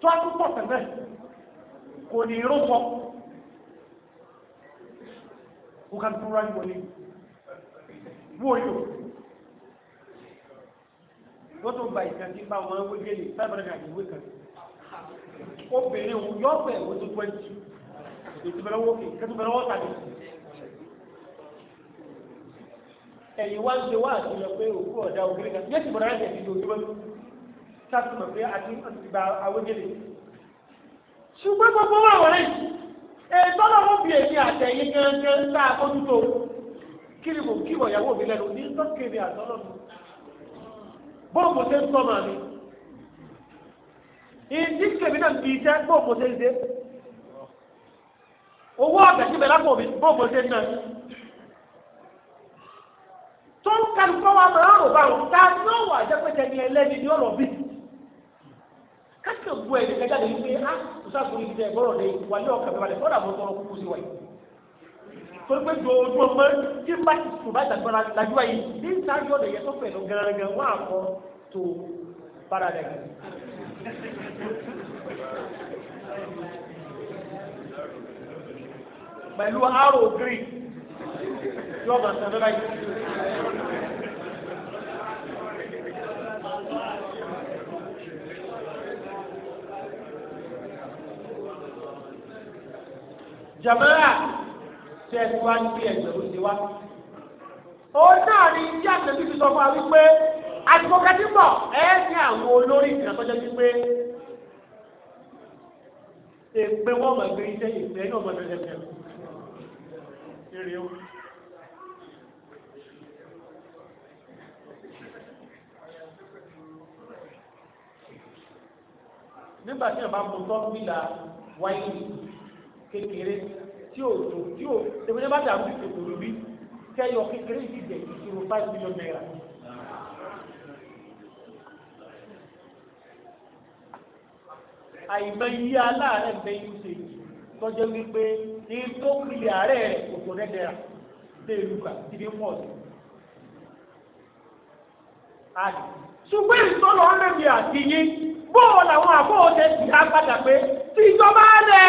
tó a tún pọ̀ tẹ̀lẹ̀ kò ní irú sọ kó ká dúró ráyè wọlé wó yò lọ́tọ̀ gba ìtàn tí bá wọn wé gẹ́lẹ̀ sábà náà àti ìwé kan
obìnrin yọ̀ọ̀fẹ̀
wọ́n tó twenty ìtùbẹ̀rẹ̀wọ́ tàbí ẹ̀yìn wá ń ṣe wá àti lọ pé òkú ọ̀dá ògiri kan yẹ́sì bọ̀dá ẹ̀jẹ̀ ti lòdì wọ́n sáàtì mọ̀ pé àti ìgbà àwọ́jẹ́lẹ̀ ṣùgbọ́n gbogbo wà wọ́n rẹ̀ ẹ̀tọ́ lọ́wọ́ bí èmi àtẹ̀yìn gangan tá a kọ́jú tó kí ni mò ń kíwọ̀ ìyàwó mi lẹ́nu ní sọ́kèrè àtọ́lọ́nu bóòmù ṣe ń sọ màmí ìdí kèmí náà fi iṣẹ́ bóòmù ṣe ń ṣe owó ọ̀tẹ̀síbẹ̀ lápò mi bóòbò ṣe náà tó ń kálukọ́ wa máa rò bá wọn ta ní ọ̀wọ̀ àjẹpẹ́jẹ ni ẹlẹ́ni ní ọ̀rọ̀ bí kásìkò bu ẹ̀yìn kẹjá lè wípé ah, á ìṣàkóso ìdílé ẹ̀gbọ́rọ̀ lè wà ní ọ̀kà bẹ́ẹ̀ lọ́dà mọ́ tọrọ kúkú sí wa yìí torí pé jọ ojú ọmọ tí bá ti sùn bá ìdàgbọ́n lajú wa yìí ní sáyọ́ lè yẹ tó pẹ̀lú gẹ́gẹ́ wọn àkọ́ tó bára rẹ̀
pẹ̀lú arrow green yóò bá sọ lọ́la yìí.
jàmáà tí ẹ ti wá ń gbé ẹgbẹ̀rún ti wá. òun náà ni tí àtẹ̀bí ti sọ fún wa wípé àsìkò kẹtìpọ̀ ẹ ní àwọn olórí ìgbà tó jẹ́ wípé
èpè wọ́n mọ̀ gbé iṣẹ́ ìpè ní ọmọdé lẹ́gbẹ̀rún
eré o nígbà tí ọba mú tọ́pìlà wáyé kékeré tí ó tó tí ó a bá dàbí ìṣòro rí kẹyọ kékeré ti jẹ ìṣòro five million naira. àìmọ̀ iye aláàárẹ̀ bẹ́ẹ̀ yóò ṣe yìí tọ́jọ́ wípé ní tó kiri ààrẹ òtò rẹ́dẹ̀rà lè lùkà tí ní pọ̀ sí. ṣùgbọ́n ìtọ́nà ọ̀rẹ́bí àti yín bóò làwọn àbóòtẹ́ ti á padà pé tí ìjọba rẹ̀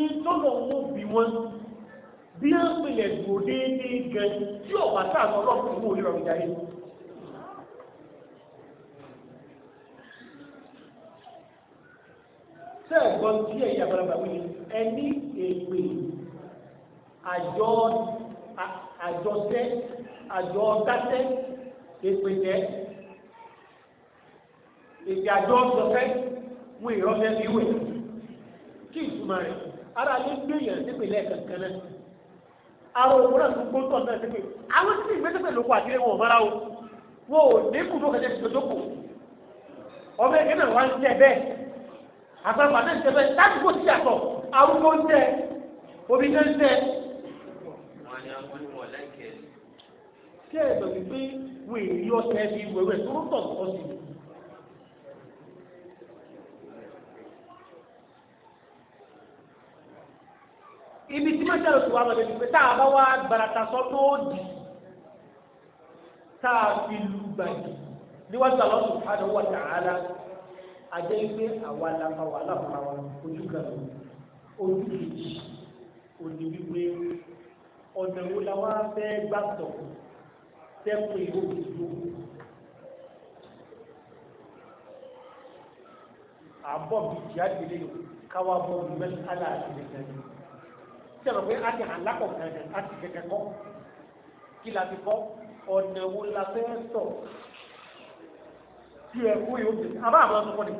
ìtọ́nà owó bí wọ́n bí wọ́n pilẹ̀ gbòdéédéé gan tí ọ̀bàtà àtọ́lọ́pù owó ìrọ̀rùn jáde tẹ́ ẹ̀gbọ́n tí ẹ̀yìn àgbàlagbà wí ni ẹni èpè àjọ
àjọṣẹ́ àjọ ọ̀dáṣẹ́
èpè jẹ́ èpè àjọ ọ̀dọ̀fẹ́ wọn ìrọ́lẹ́ fi wẹ̀ kí ìtumọ̀ rẹ̀ ara ló gbé èèyàn nípìnlẹ̀ kankan náà ara òwúrọ̀ tó gbóntọ̀ náà nípìn àwọn tí ìgbésẹ̀ pẹ̀lú kó àkílẹ̀ wọn mọ́ra o wọn ò ní kùdó kẹjẹ ìgbésókò ọmọ ẹgbẹ́ náà wá ń tẹ̀ bẹ́ẹ̀ àgbàgbà náà ṣe bẹ́ẹ̀ láti kó sí àtọ̀ arúgbó ń tẹ omi náà ń tẹ. ṣé ẹ bẹ̀rù pé wọ́n èyí ọ̀sẹ̀ bíi wẹ̀wẹ̀ tó ń tọ̀ ọ́ sí i. ibi tí wọ́n ṣàlùkù wa lọ́dẹ nípa tá a bá wá gbarata sọ tó dì tá a fi lu gbàgbé níwájú Allah subhanahu wa ta'ala ajẹ́ pé àwa làbá wà lábàá wa ojú kan ojú kejì òní wípé ọ̀nà wo la wá fẹ́ gbà tọ̀ tẹ́kùn ìwò ìlú. àbọ̀ bíi jáde lè káwá bọ́ bí mẹ́sàlá àti ìdẹ́gbẹ̀rẹ̀ sọ̀rọ̀ pé a ti hàn lákọ̀ọ́kẹ́ a ti kẹ̀kẹ́ kọ́ kí la ti kọ́ ọ̀nà wo la fẹ́ sọ̀rọ̀ tí ẹ kó yóò gbé abá àbọ̀ ọ̀sán kọ́ni.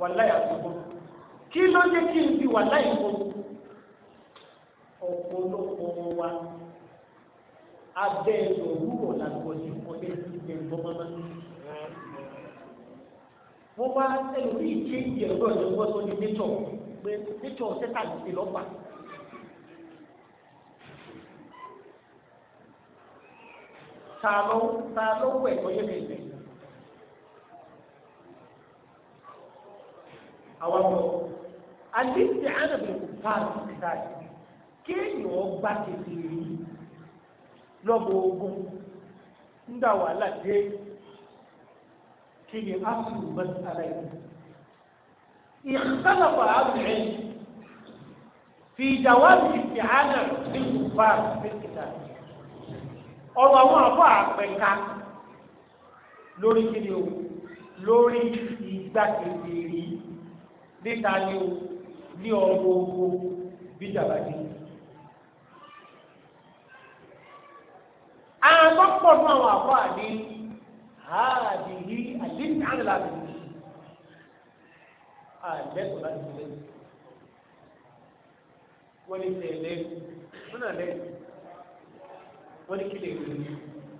wàláyà àtúgbò kí ló jẹ́ kí n fi wàláyà kó ọ̀pọ̀lọpọ̀ wa abẹ́ òwúrọ̀ làgbọ̀ ní ọdẹ ìgbẹ́ gbọ́mọ́mọ́. wọ́n wá ẹlòmíì ṣe ìjẹ̀rọ̀ ìjọba tó ní nítọ̀ pé nítọ̀ sẹ́tà lọ́pàá. ta ló ta ló wẹ̀ tó yé mi lẹ̀. àwọn ọmọ àdìsí ànàbẹ̀kù fáàlì kìtàlì kéèyàn gbá kékeré lọ́bọ̀ ogun ń dà wàhálà dé kí ni a sì mọ́tò aláìsí. اختلف أهل العلم في جواز الاستعانة بالكفار في الكتاب ọ̀rọ̀ àwọn àfọ́ àpẹ̀ka lórí kíni o lórí ìgbàkejì rí níta ni o ní ọgbọ ogbó bíjàmbá dé. àwọn pọ̀ fún àwọn àfọ́ àdé àdìrí àdìrí àdìrí àdìrí àlẹ́kọ̀ọ́ láti lẹ́yìn wọ́n lè tẹ̀lé wọ́n náà lẹ́yìn. ولكليهما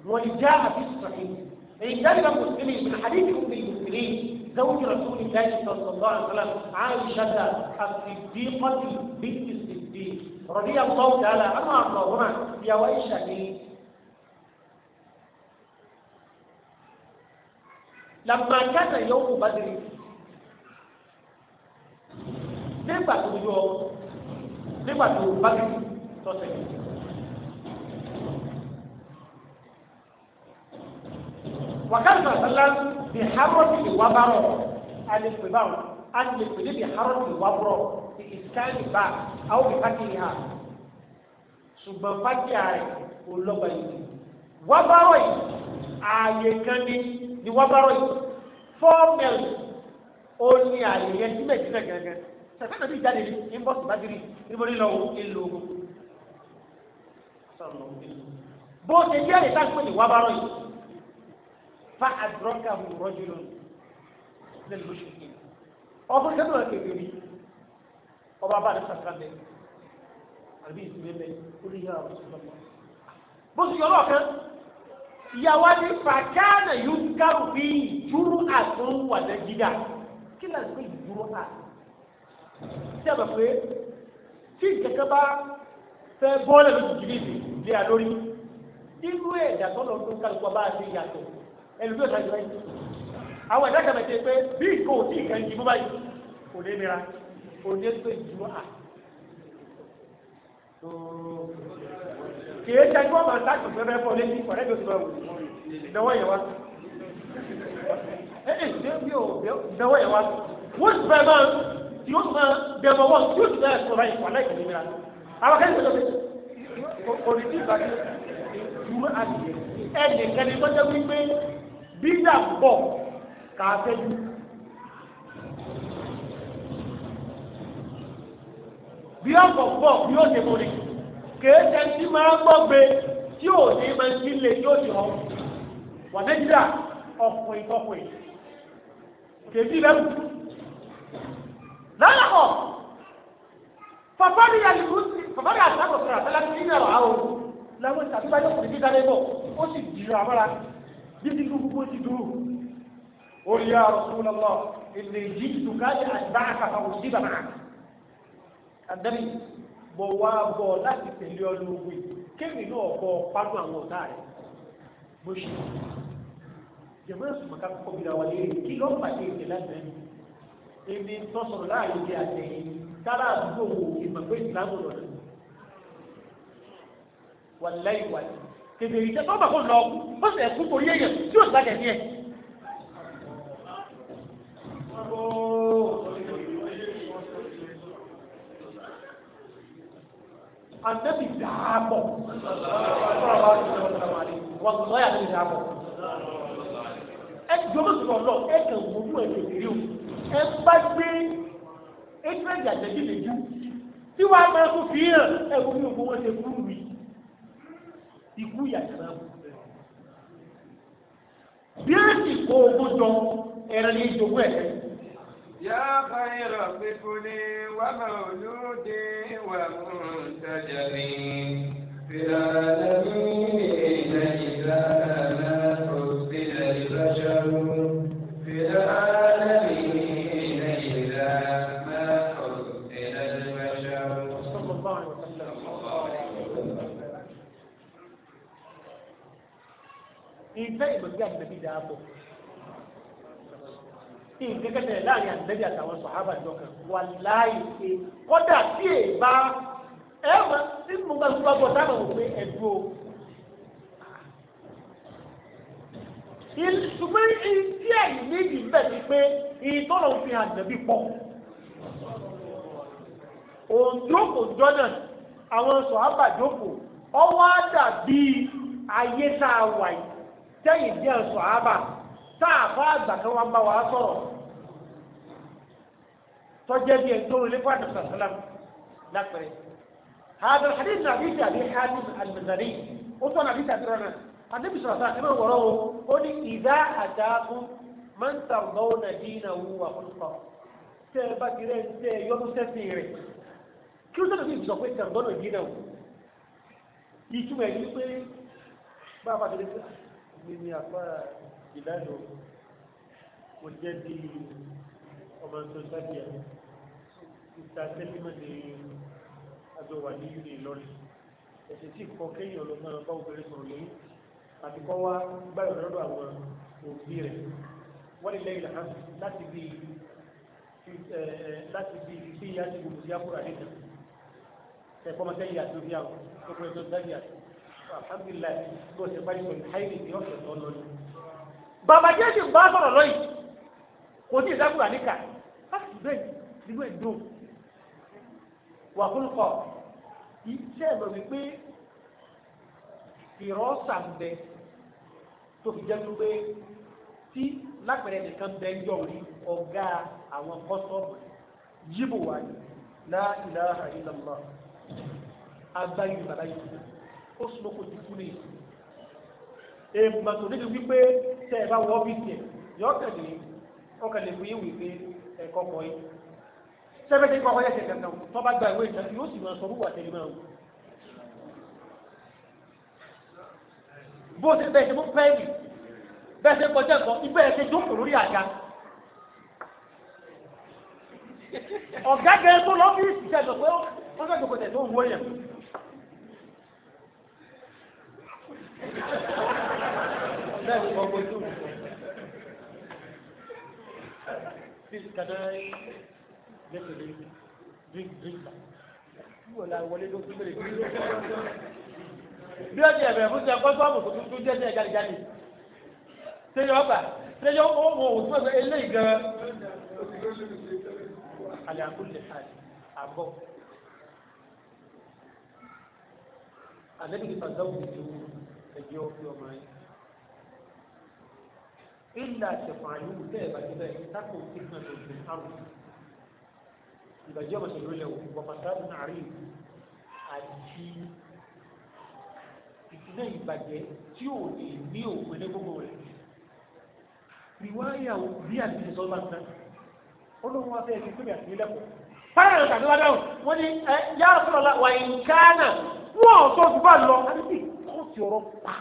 ولجاء في الصحيح كان المسلمين من حديث ام المسلمين زوج رسول الله صلى الله عليه وسلم عائشه الصديقه بنت الصديق رضي الله تعالى عنها اللهم يا وائشه إيه؟ لما كان يوم بدر nígbà tó yọ
nígbà tó bá tó tọ́sẹ̀ wàkàtí sàlá bí harọ́tì ìwábárọ̀
alẹ́pẹ̀báwọ̀ alẹ́pẹ̀lẹ́ bí harọ́tì ìwábárọ̀ ìsìkáàlì bá àwọn ìfàkì ìhà ṣùgbọ́n fàkì ààrẹ olọ́gbà yìí wábárọ̀ yìí ààyè kan ní ni wábárọ̀ yìí fọ́ọ̀mẹ̀lì ó ní ààyè yẹn tí mẹ́jìlẹ̀ gẹ́gẹ́ sàfẹ́nà bí jáde ní inbox bá dirí níborí lọ ìlú ogun bó ṣe jẹ́ àyè tá fa àdúrókà wù rọ́jò lónìí lẹ́nu lóṣù yìí ọkùnrin kan náà kéde rí ọba bá ní sàkà bẹ àbí ìsinmi bẹ ó lè yára ọsùn lọ́wọ́ bó sì yọrọ kan ìyàwó ni fàkànà yóò kárù bí ìjúrú àtún wà nàìjíríà kí ló ń pè ìjúrú à sí àbẹ̀ pé tí ìjẹ́kẹ́ bá fẹ́ bọ́ọ̀lù lójijì ní ìdílé àlórí inú ẹ̀dá tọ́lọ̀ tó ń kálukọ́ bá a ṣe yàtọ̀ ẹlùmí ọ̀sán jù báyìí àwọn ẹ̀dá kẹmẹ̀tẹ̀ pé bí nǹkan ò tí ì kàn jù mú báyìí kò ní mìíràn kò ní pé jù à. kì í ṣe kí wọ́n máa sáàtù fẹ́fẹ́ fọ́ létí ọ̀rẹ́ mi ò sì máa wù ìdánwò yẹn wá. ìdánwò yẹn wá wọ́n ti fẹ́ máa tí ó máa bẹ̀rù ọwọ́ tí ó ti fẹ́ sọ̀rọ̀ ìpàdé ìpàdé mìíràn àwọn kẹ́kẹ́ bíyà pọ̀ kàáfẹ́jú bí ọ̀pọ̀ pọ̀ bí ó ṣe mọ́lẹ̀ kéèké tí máa gbọ́gbe tí ò ní máa sí lè yóò ní ọ wà nàìjíríà ọkùnrin tọkùnrin kèbí lẹ́rù lọ́lọ́kọ̀ fàfáàdì àlùkù fàfáàdì àtàkùn sọ̀rọ̀ àtàlákùn nínú ẹ̀rọ àwọn làwọn ìṣàtúbáyọ̀ kò ní bí dáná bọ̀ ó sì jìrò àmọ́ra dídí gbogbo ti dúró ó yá Rasulullah ilé yìí dùkálẹ àgbà àkàkà kò sí bàbá àdàbí bọ wá bọ láti tẹ̀lé ọdún ogun yìí kéèmì náà bọ pánú àwọn ọ̀tá rẹ bó ṣe jẹmọ ẹsùn màkà kọkọ bí làwọn léèrè kí ló ń pàdé èdè lẹ́sẹ̀ èmi tó sọ̀rọ̀ láàyè ìdí àtẹ̀yìn tára àdúgbò wò ìmọ̀gbé ìsìlámù lọ́dọ̀ wàláì wàláì kèbèrè ìṣẹ́ tó bá kó lọ ó sì ẹ̀kú torí èèyàn tí ó sì bá jẹ̀bi ẹ̀. Àtẹ́bí dàápọ̀. Wọ́n ti lọ́yà ní ìdàápọ̀. Ẹ ti jọ́ lóṣù lọ́lọ́ ẹ kàn wọ́n fún ẹ̀jẹ̀ ìrírí o. Ẹ bá gbé ẹgbẹ́ ìjàjẹ́ bí lè jú. Tí wàá máa kó fi hàn ẹ̀kú ní ògbó wọn ṣe kúrú yìí ikú yàtọ̀ náà bí a sì kó owó jọ ẹran ní ìjogún ẹ̀. Yá Fáyọ̀rọ̀ pípọ̀ ní wàmà olóde
wà mú tajà ní fìlà lẹ́mí.
dáàbọ̀ nǹkan kẹsẹ̀ láàrin àtẹ́bí àtàwọn sọ̀hábà jọkàn wà láàyè pé kọ́dà tí è bá ẹ mọ̀ tí mo bá gbọ́ bọ̀ sábà wò pé ẹ̀dù o. ṣùgbọ́n tí ẹ̀yìn méjì bẹ̀ ni pé ìtọ́nà fi hàn àtẹ́bí pọ̀. òun jọ́nà àwọn sọ̀hábà jókòó ọwọ́ á ayé tá a wà yìí tẹ́yìn díẹ̀ sọ àbà sáàfà àgbà kan wá bá wa sọ̀rọ̀ tọ́jẹ́ bí ẹni tó ń lé fún àdàbà sàlám lápẹ̀rẹ̀. هذا الحديث نبي أبي حاتم المزني وطن نبي تدرنا النبي صلى الله عليه وسلم وراه قل إذا أتاكم من ترضون دينه وخلقه tẹ́ẹ̀bá ti rẹ̀ tẹ́ yọ́nú sẹ́sìn rẹ̀ kí ó sọ́dọ̀ sí ìsọ̀ pé tẹ̀rọ̀dọ́nà yìí náà ìtumọ̀ ẹ̀ ní pé bá a bá ti rí sí pé ní apá ìlànà mo jẹ́ bí ọmọ tó sábìá ìta tẹ́lẹ̀mọ́ ni àjọ wà ní ilé Ìlọrin ẹ̀sẹ̀ tí kọ kéèyàn lọ máa bá obìnrin sọ̀rọ̀ lẹ́yìn àti kọ́ wá gbáyọ̀ lọ́dọ̀ àwọn òbí rẹ̀ wọ́n lè lẹ́yìn làhán láti bí láti bí ìfíyà ti gbogbo sí àkúrà nìkan ẹ̀kọ́ máa àti òbí àwọn tó kọ́ ẹ̀tọ́ sábìá sí alhamdulilayi bó ṣe parí pẹ̀lú hayi ni ọ̀sẹ̀ tó lọ yìí. bàbá jésù bá sọ̀rọ̀ lọ́yìn kò sí ìdákùrà níkà láti ah, bẹ́ẹ̀ nígbà ìdó wà kúlùkọ iṣẹ́ ẹ̀rọ wípé ìrọ́sà ń bẹ tó fi jẹ́ pé tí lápẹ̀rẹ̀ nìkan bẹ ń yọrí ọ̀gá àwọn kọ́sọ́ọ̀bù yíbò wáyé la ilaha illallah bàbá yìí ó súnmọ́ kò sí fún èyí èèmọ̀ tó níbi wípé tẹ́ ẹ bá wọ ọ́fíìsì ẹ̀ yọ kẹ̀lé ọkẹ̀lé fún yín wípé ẹ̀kọ́ kọ́ yín sẹ́fẹ̀tì kọ́kọ́ yẹ̀ kẹ̀kẹ́ náà tó bá gba ìwé ìtàn yóò sì máa sọ wúwà tẹ̀lé máa bó ti bẹ́ẹ̀ ṣe mú pẹ́ẹ́lì bẹ́ẹ̀ ṣe kọjá nǹkan ibẹ̀ ẹ̀ ṣe jókòó lórí àga ọ̀gá gẹ̀ẹ́ tó lọ́fíìsì ṣẹ̀dọ̀ pé wọ́n fẹ́
bẹ́ẹ̀ kọ́ gbé tó
kàdáyé lẹ́sẹ̀lẹ́ drink drink ba wọ́n la wọlé ló tún bẹ̀rẹ̀ kí
bí ó ti ẹ̀bẹ̀rẹ̀ fún
sẹ́yìn kọ́sọ́ àbùkù tó tún jẹ́sẹ̀ jáde-jáde sẹ́yìn ọgbà sẹ́yìn ọgbà ó mọ òtún ẹ̀bẹ̀ eléyìí gan-an alẹ́ àkúlẹ̀ àbọ̀ àlẹ́ bí kìí fà sáwọn ìdíwọ́ ẹjọ́ fi ọmọ yín ìlà ṣẹ̀fọ̀n àyùwù tẹ́ ẹ̀ bá ti bẹ́ẹ̀ tákò tí kan ló fi àrùn ìbàjẹ́ ọmọ ṣèlú lẹ́wọ̀ wọ́pàtàkì àárín àti ìtúná ìbàjẹ́ tí ò lè ní òpin ní gbogbo rẹ̀ ìwáyà bí àti ìṣọ́ bá tán olóhùn wa fẹ́ẹ́ fi pé àti ilẹ̀kùn fáyà tàbí wá dáhùn wọ́n ní yára sọ̀rọ̀ wà ní káánà wọ́n sọ̀tún bá lọ àti fi ọ̀rọ̀ pa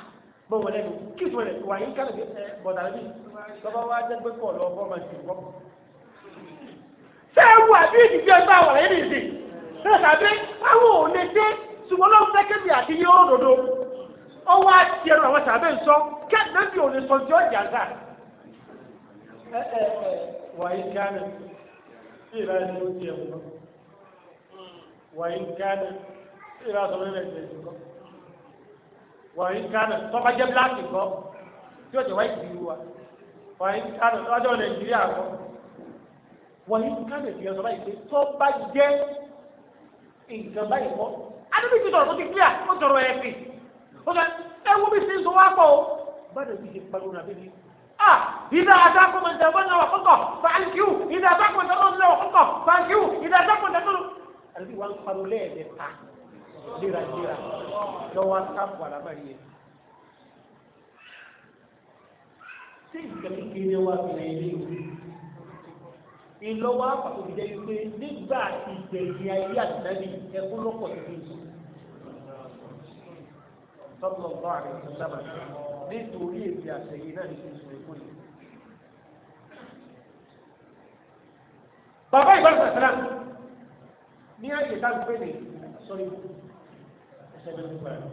bọ́ wọlé nù kí fún ẹ̀ wà yín kálẹ̀ bọ̀dà bí lọ́ba wá jẹ́ pé pọ̀ lọ́wọ́ máa ti wọ́. ṣé ẹ wù àbí ìdíje bá wà lẹ́yìn ìdí ṣé tàbí àwọn ò lè dé ṣùgbọ́n lọ́wọ́ sẹ́kẹ́ndì àti yé òdodo ọwọ́ àti ẹnu àwọn tàbí nsọ kẹ́ẹ̀dẹ́bì ò lè sọ jọ ìyàgà. ẹ ẹ ẹ wà yín kálẹ̀ sí ìlà ẹni ó ti ẹ̀ wọ́n wà yín kálẹ̀ sí ìlà sọ̀rọ̀ wọ̀nyí kánò tọ́ba jẹ́ bíláàkì kọ́ tí ó jẹ́ wáyé kiri wa wọ̀nyí kánò tọ́ba jẹ́ nàìjíríà kọ́ wọ̀nyí kánò ìfìyà sọ báyìí pé tọ́ba jẹ́ nǹkan báyìí kọ́ adébí ti sọ̀rọ̀ tó ti kílíà ó sọ̀rọ̀ ẹ̀ fi ó sọ ẹ wo bí sísọ wá pọ̀ o bàdé bí ṣe pariwo nàbí ni a ìdá adákùnmọ̀ ìdá bọ́ọ̀nà wà kọ́kọ̀ fàánkìú ìdá adákùnmọ̀ ìdá bọ́ọ̀nà wà kọ́kọ̀ fàánkìú ìdá adákùnmọ̀ ìdá bọ́ọ̀nà. àdébí wa ń lọ́wọ́ sáàpù àlábàrí yẹn tí ìgbẹ̀lẹ̀ kéré wá fi rẹ̀ ilé ìwé ìlọ́wọ́ àpapọ̀ ìjẹ́ wípé nígbà ìgbẹ̀yìn ayé àtìlẹ́yìn ẹkún lọ́pọ̀ sí i sọ́pọ̀ bá àrẹ ìsọ̀lábà nítorí èdè àtẹ̀yìn náà ní ìsọ̀ èkó yìí.
bàbá ìbára sàtàlá
ní àyè dágbé ní sọ́yìn seven five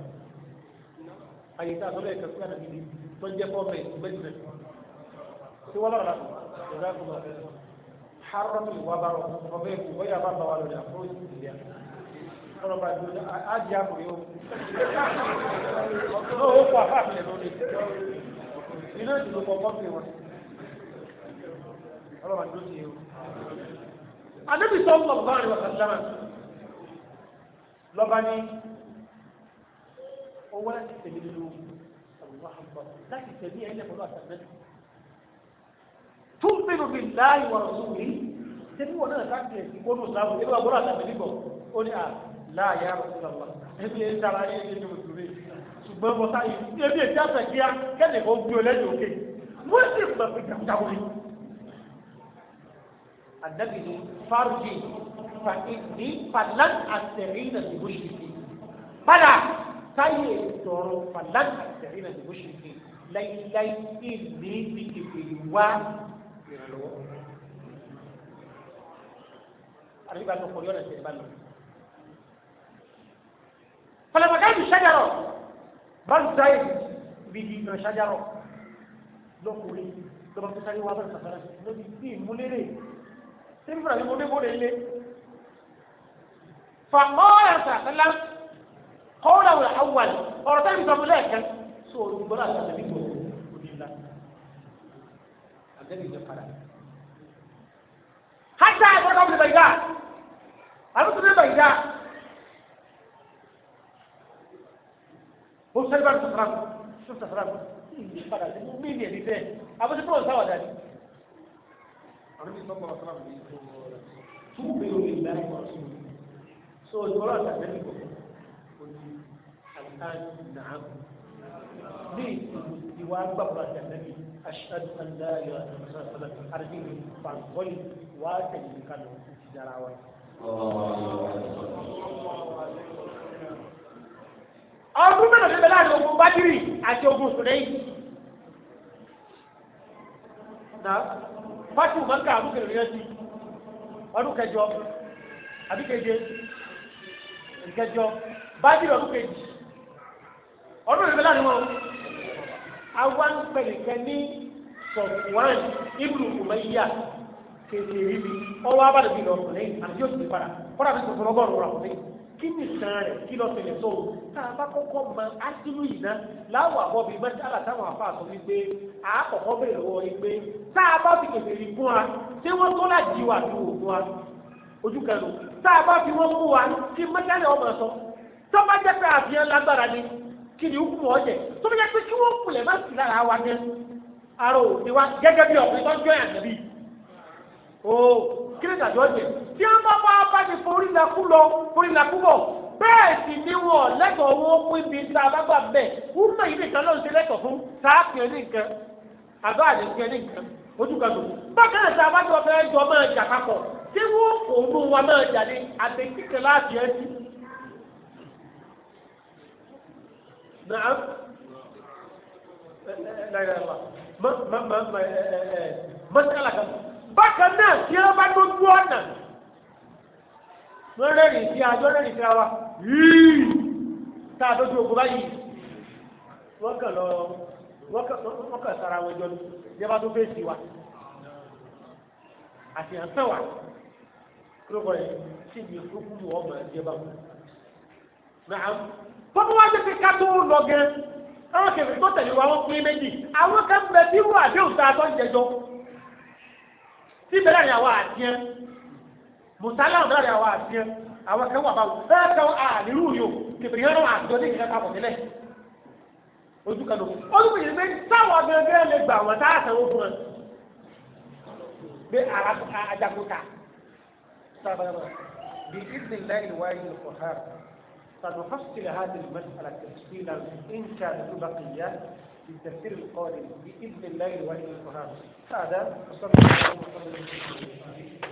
àyè tá a sọ́dọ̀ ẹ̀ka sílẹ̀ nàbí tó ń jẹ́ fọ́ bẹ́ẹ̀ gbẹ́jìlẹ̀ tí wọ́n lọ́ra ìdá kò lọ haramu ìwà bá rọ̀ ọbẹ̀ èkó bóyá bá bá wà lọ́dà fún oṣù ìlẹ̀ ọ̀rọ̀ bá dúró á jẹ́ àpò yóò náà ó kọ́ àfáà ìdìbò kọ̀ọ̀kan fi wọn ọ̀rọ̀ هو يستمر له الله أكبر لكن التنبيه إلا فلوها تنبيه تؤمن بالله ورسوله تنبيه وانا تاكي يكون صاحب يبقى برا تنبيه قولي آه لا يا رسول الله ebi ẹ sara ẹ ẹ ẹ mùsùlùmí ṣùgbọ́n bọ́tà yìí ebi ẹ jáde kíá kẹ́lẹ̀ kó gbé ọlẹ́dẹ̀ òkè wọ́n sì gbà pé jàmùjàmù ni. àdàbí ni fárúgì fàkì ní fàlàn àtẹ̀rí nàìjíríà padà táyé ìtọ̀rọ̀ fàlànà ìtẹ̀rí náà ló ṣe fi láíláí ìlú ibi ìpè wá ìrànlọ́wọ́. àríwá tó kọ̀ọ̀yọ́ náà ṣe bá lọ. fọlọ́mọdé ìlú ṣájàrọ̀ bọ́ǹsáì bíbí ìlú ṣájàrọ̀ lọ́kùnrin lọ́ba tó sáré wá bá ìsàfẹ́rẹ́ lórí bí ìmúlẹ́rẹ́ tí ń fúnra ní mo dé bó lè lé. fàmọ́ ẹ̀sà kọ́ọ̀lá wẹ̀ awàl ọ̀rọ̀ tẹ́lẹ̀ sọ fún lẹ́ẹ̀kẹ́ sọ olùgbọ́lá àti àtẹ̀bí tó òbí ńlá àtẹ̀bí tó padà. hátà ìfọdà ọ̀bùnú bẹ̀yà àbúkú ní bẹ̀yà ó sọ ìbá sọ̀tàrà sọ̀tàrà ìlú padà sí mí ní ẹ̀mí fẹ́ àbúkú tó ń sáwà dání. àwọn ìbí sọ́kọ̀ ọ̀sán àbúkú yìí tó ń lọ túbú bẹ́ẹ̀ ló ń gbà أنعم ليه الديوان بقرة النبي أشهد أن لا إله إلا الله صلى الله عليه وسلم فالغل واتل كانوا في دراوي àwọn tó mẹ́rin ṣẹlẹ̀ láti ogun bájírì àti ogun sùnẹ́yì náà fásitì mọ́ká àbúkẹ̀rẹ̀ rẹ̀ sí ọdún kẹjọ àbíkẹjẹ ìkẹjọ bájírì ọdún kẹjì
ọdún ìgbẹ́lá ni wọn
awa ń pẹ̀lẹ̀kẹ́ ní sọ̀tùwán ibùdó kùmẹ́yà kèsì ríbi ọwọ́ abájọ́ bí lọ́ọ̀tún lẹ́yìn àti yóò tún padà kọ́ra bí sọ̀tùwán ọgọ́rùn-ún rà wọlé kí ni sàn rẹ̀ kí lọ́ọ̀ tẹ̀lé sọ̀rọ̀ tá a bá kọ́kọ́ ma ásílù yìí ná láwọ̀ àbọ̀ bíi mẹ́sàlá táwọn afá sọ wípé àákọ́kọ́ bẹ̀rẹ̀ lọ́wọ́ wípé tá a bá fi kèsì rí fún wa ṣé wọ́n tó láti wà ní òwò fún wa ojú kan lò tá a bá fi wọ́n fún wa kí mẹ́sàlá ọmọ sọ tó bá jẹ́ pé àfihàn lágbára ni kí ni òkú ọ̀jẹ̀ tó bí yẹ kí wọ́n kulẹ̀ má sí lára wa gẹ́ ara ò ní wa gẹ́gẹ́ bí ọ̀pẹ tọ́jú ẹ̀ àtẹ̀bí o kí ni tàbí ọ̀jẹ̀ tí wọ́n bá bá bá ti forí lakú lọ forí lakú bọ̀ bẹ́ẹ̀ sì ni wọn lẹ́tọ̀ọ́ wọn pín bí tá a bá gbà bẹ́ẹ̀ wọ́n mọ̀ yìí nìkan lọ́n ṣe lẹ́tọ̀ọ́ fún sáàpì ẹ̀ ní nǹkan àbá àdé fi ẹ̀ ní nǹkan ojú kan tó bákan náà tá a bá jọ fẹ́ jọ máa jà papọ̀ tí wọ́n kò ń mú wa máa jà ní àtẹ̀kíkẹ́ láti ẹ̀ Nàám. Mọ́sálà eh, eh, eh, kan. Bákan náà tí wọ́n bá dójú ọ̀nà. Wọ́n rẹ̀rìn sí àjọ rẹ̀rìn sí àwa. Yìí. Tá a dójú ogun báyìí. Wọ́n kàn lọ wọ́n kàn sára wọn jọ ní yẹ́bá tó fèsì wa. Àti àǹtẹ̀ wa. Kúrò bọ̀ yẹn. Ṣé ìgbésókú wọ́n mọ̀ ẹ́ jẹ́ bá wọn? Nàám bọ́bá wá jẹ́ pé ká tó lọ gẹ́ àwọn kẹfẹ́ tó tẹ̀lé wa wọ́n pín méjì àwọn kẹfẹ́ tí wọ́n àdéhùn tá a tọ́ ń jẹjọ síbẹ̀ láàrin àwọn àdìẹ mùsálà láàrin àwọn àwọn kẹwà bá wù fẹ́ẹ́ kẹwà ànílù yòó kẹfẹ́ yẹn náà àjọ ní ìjọba kọ̀ nílẹ̀ ojú kan ló ojú kan yìí pé táwọn gẹ́gẹ́ lè gbà wọn tá a fún wọn bí àjàkúta bí ìsìn lẹ́yìn wáyé ní kọ̀ọ̀hán سنفصل هذه المسألة تفصيلا إن كانت بقية في التفسير القادم بإذن الله وإن القرآن هذا الله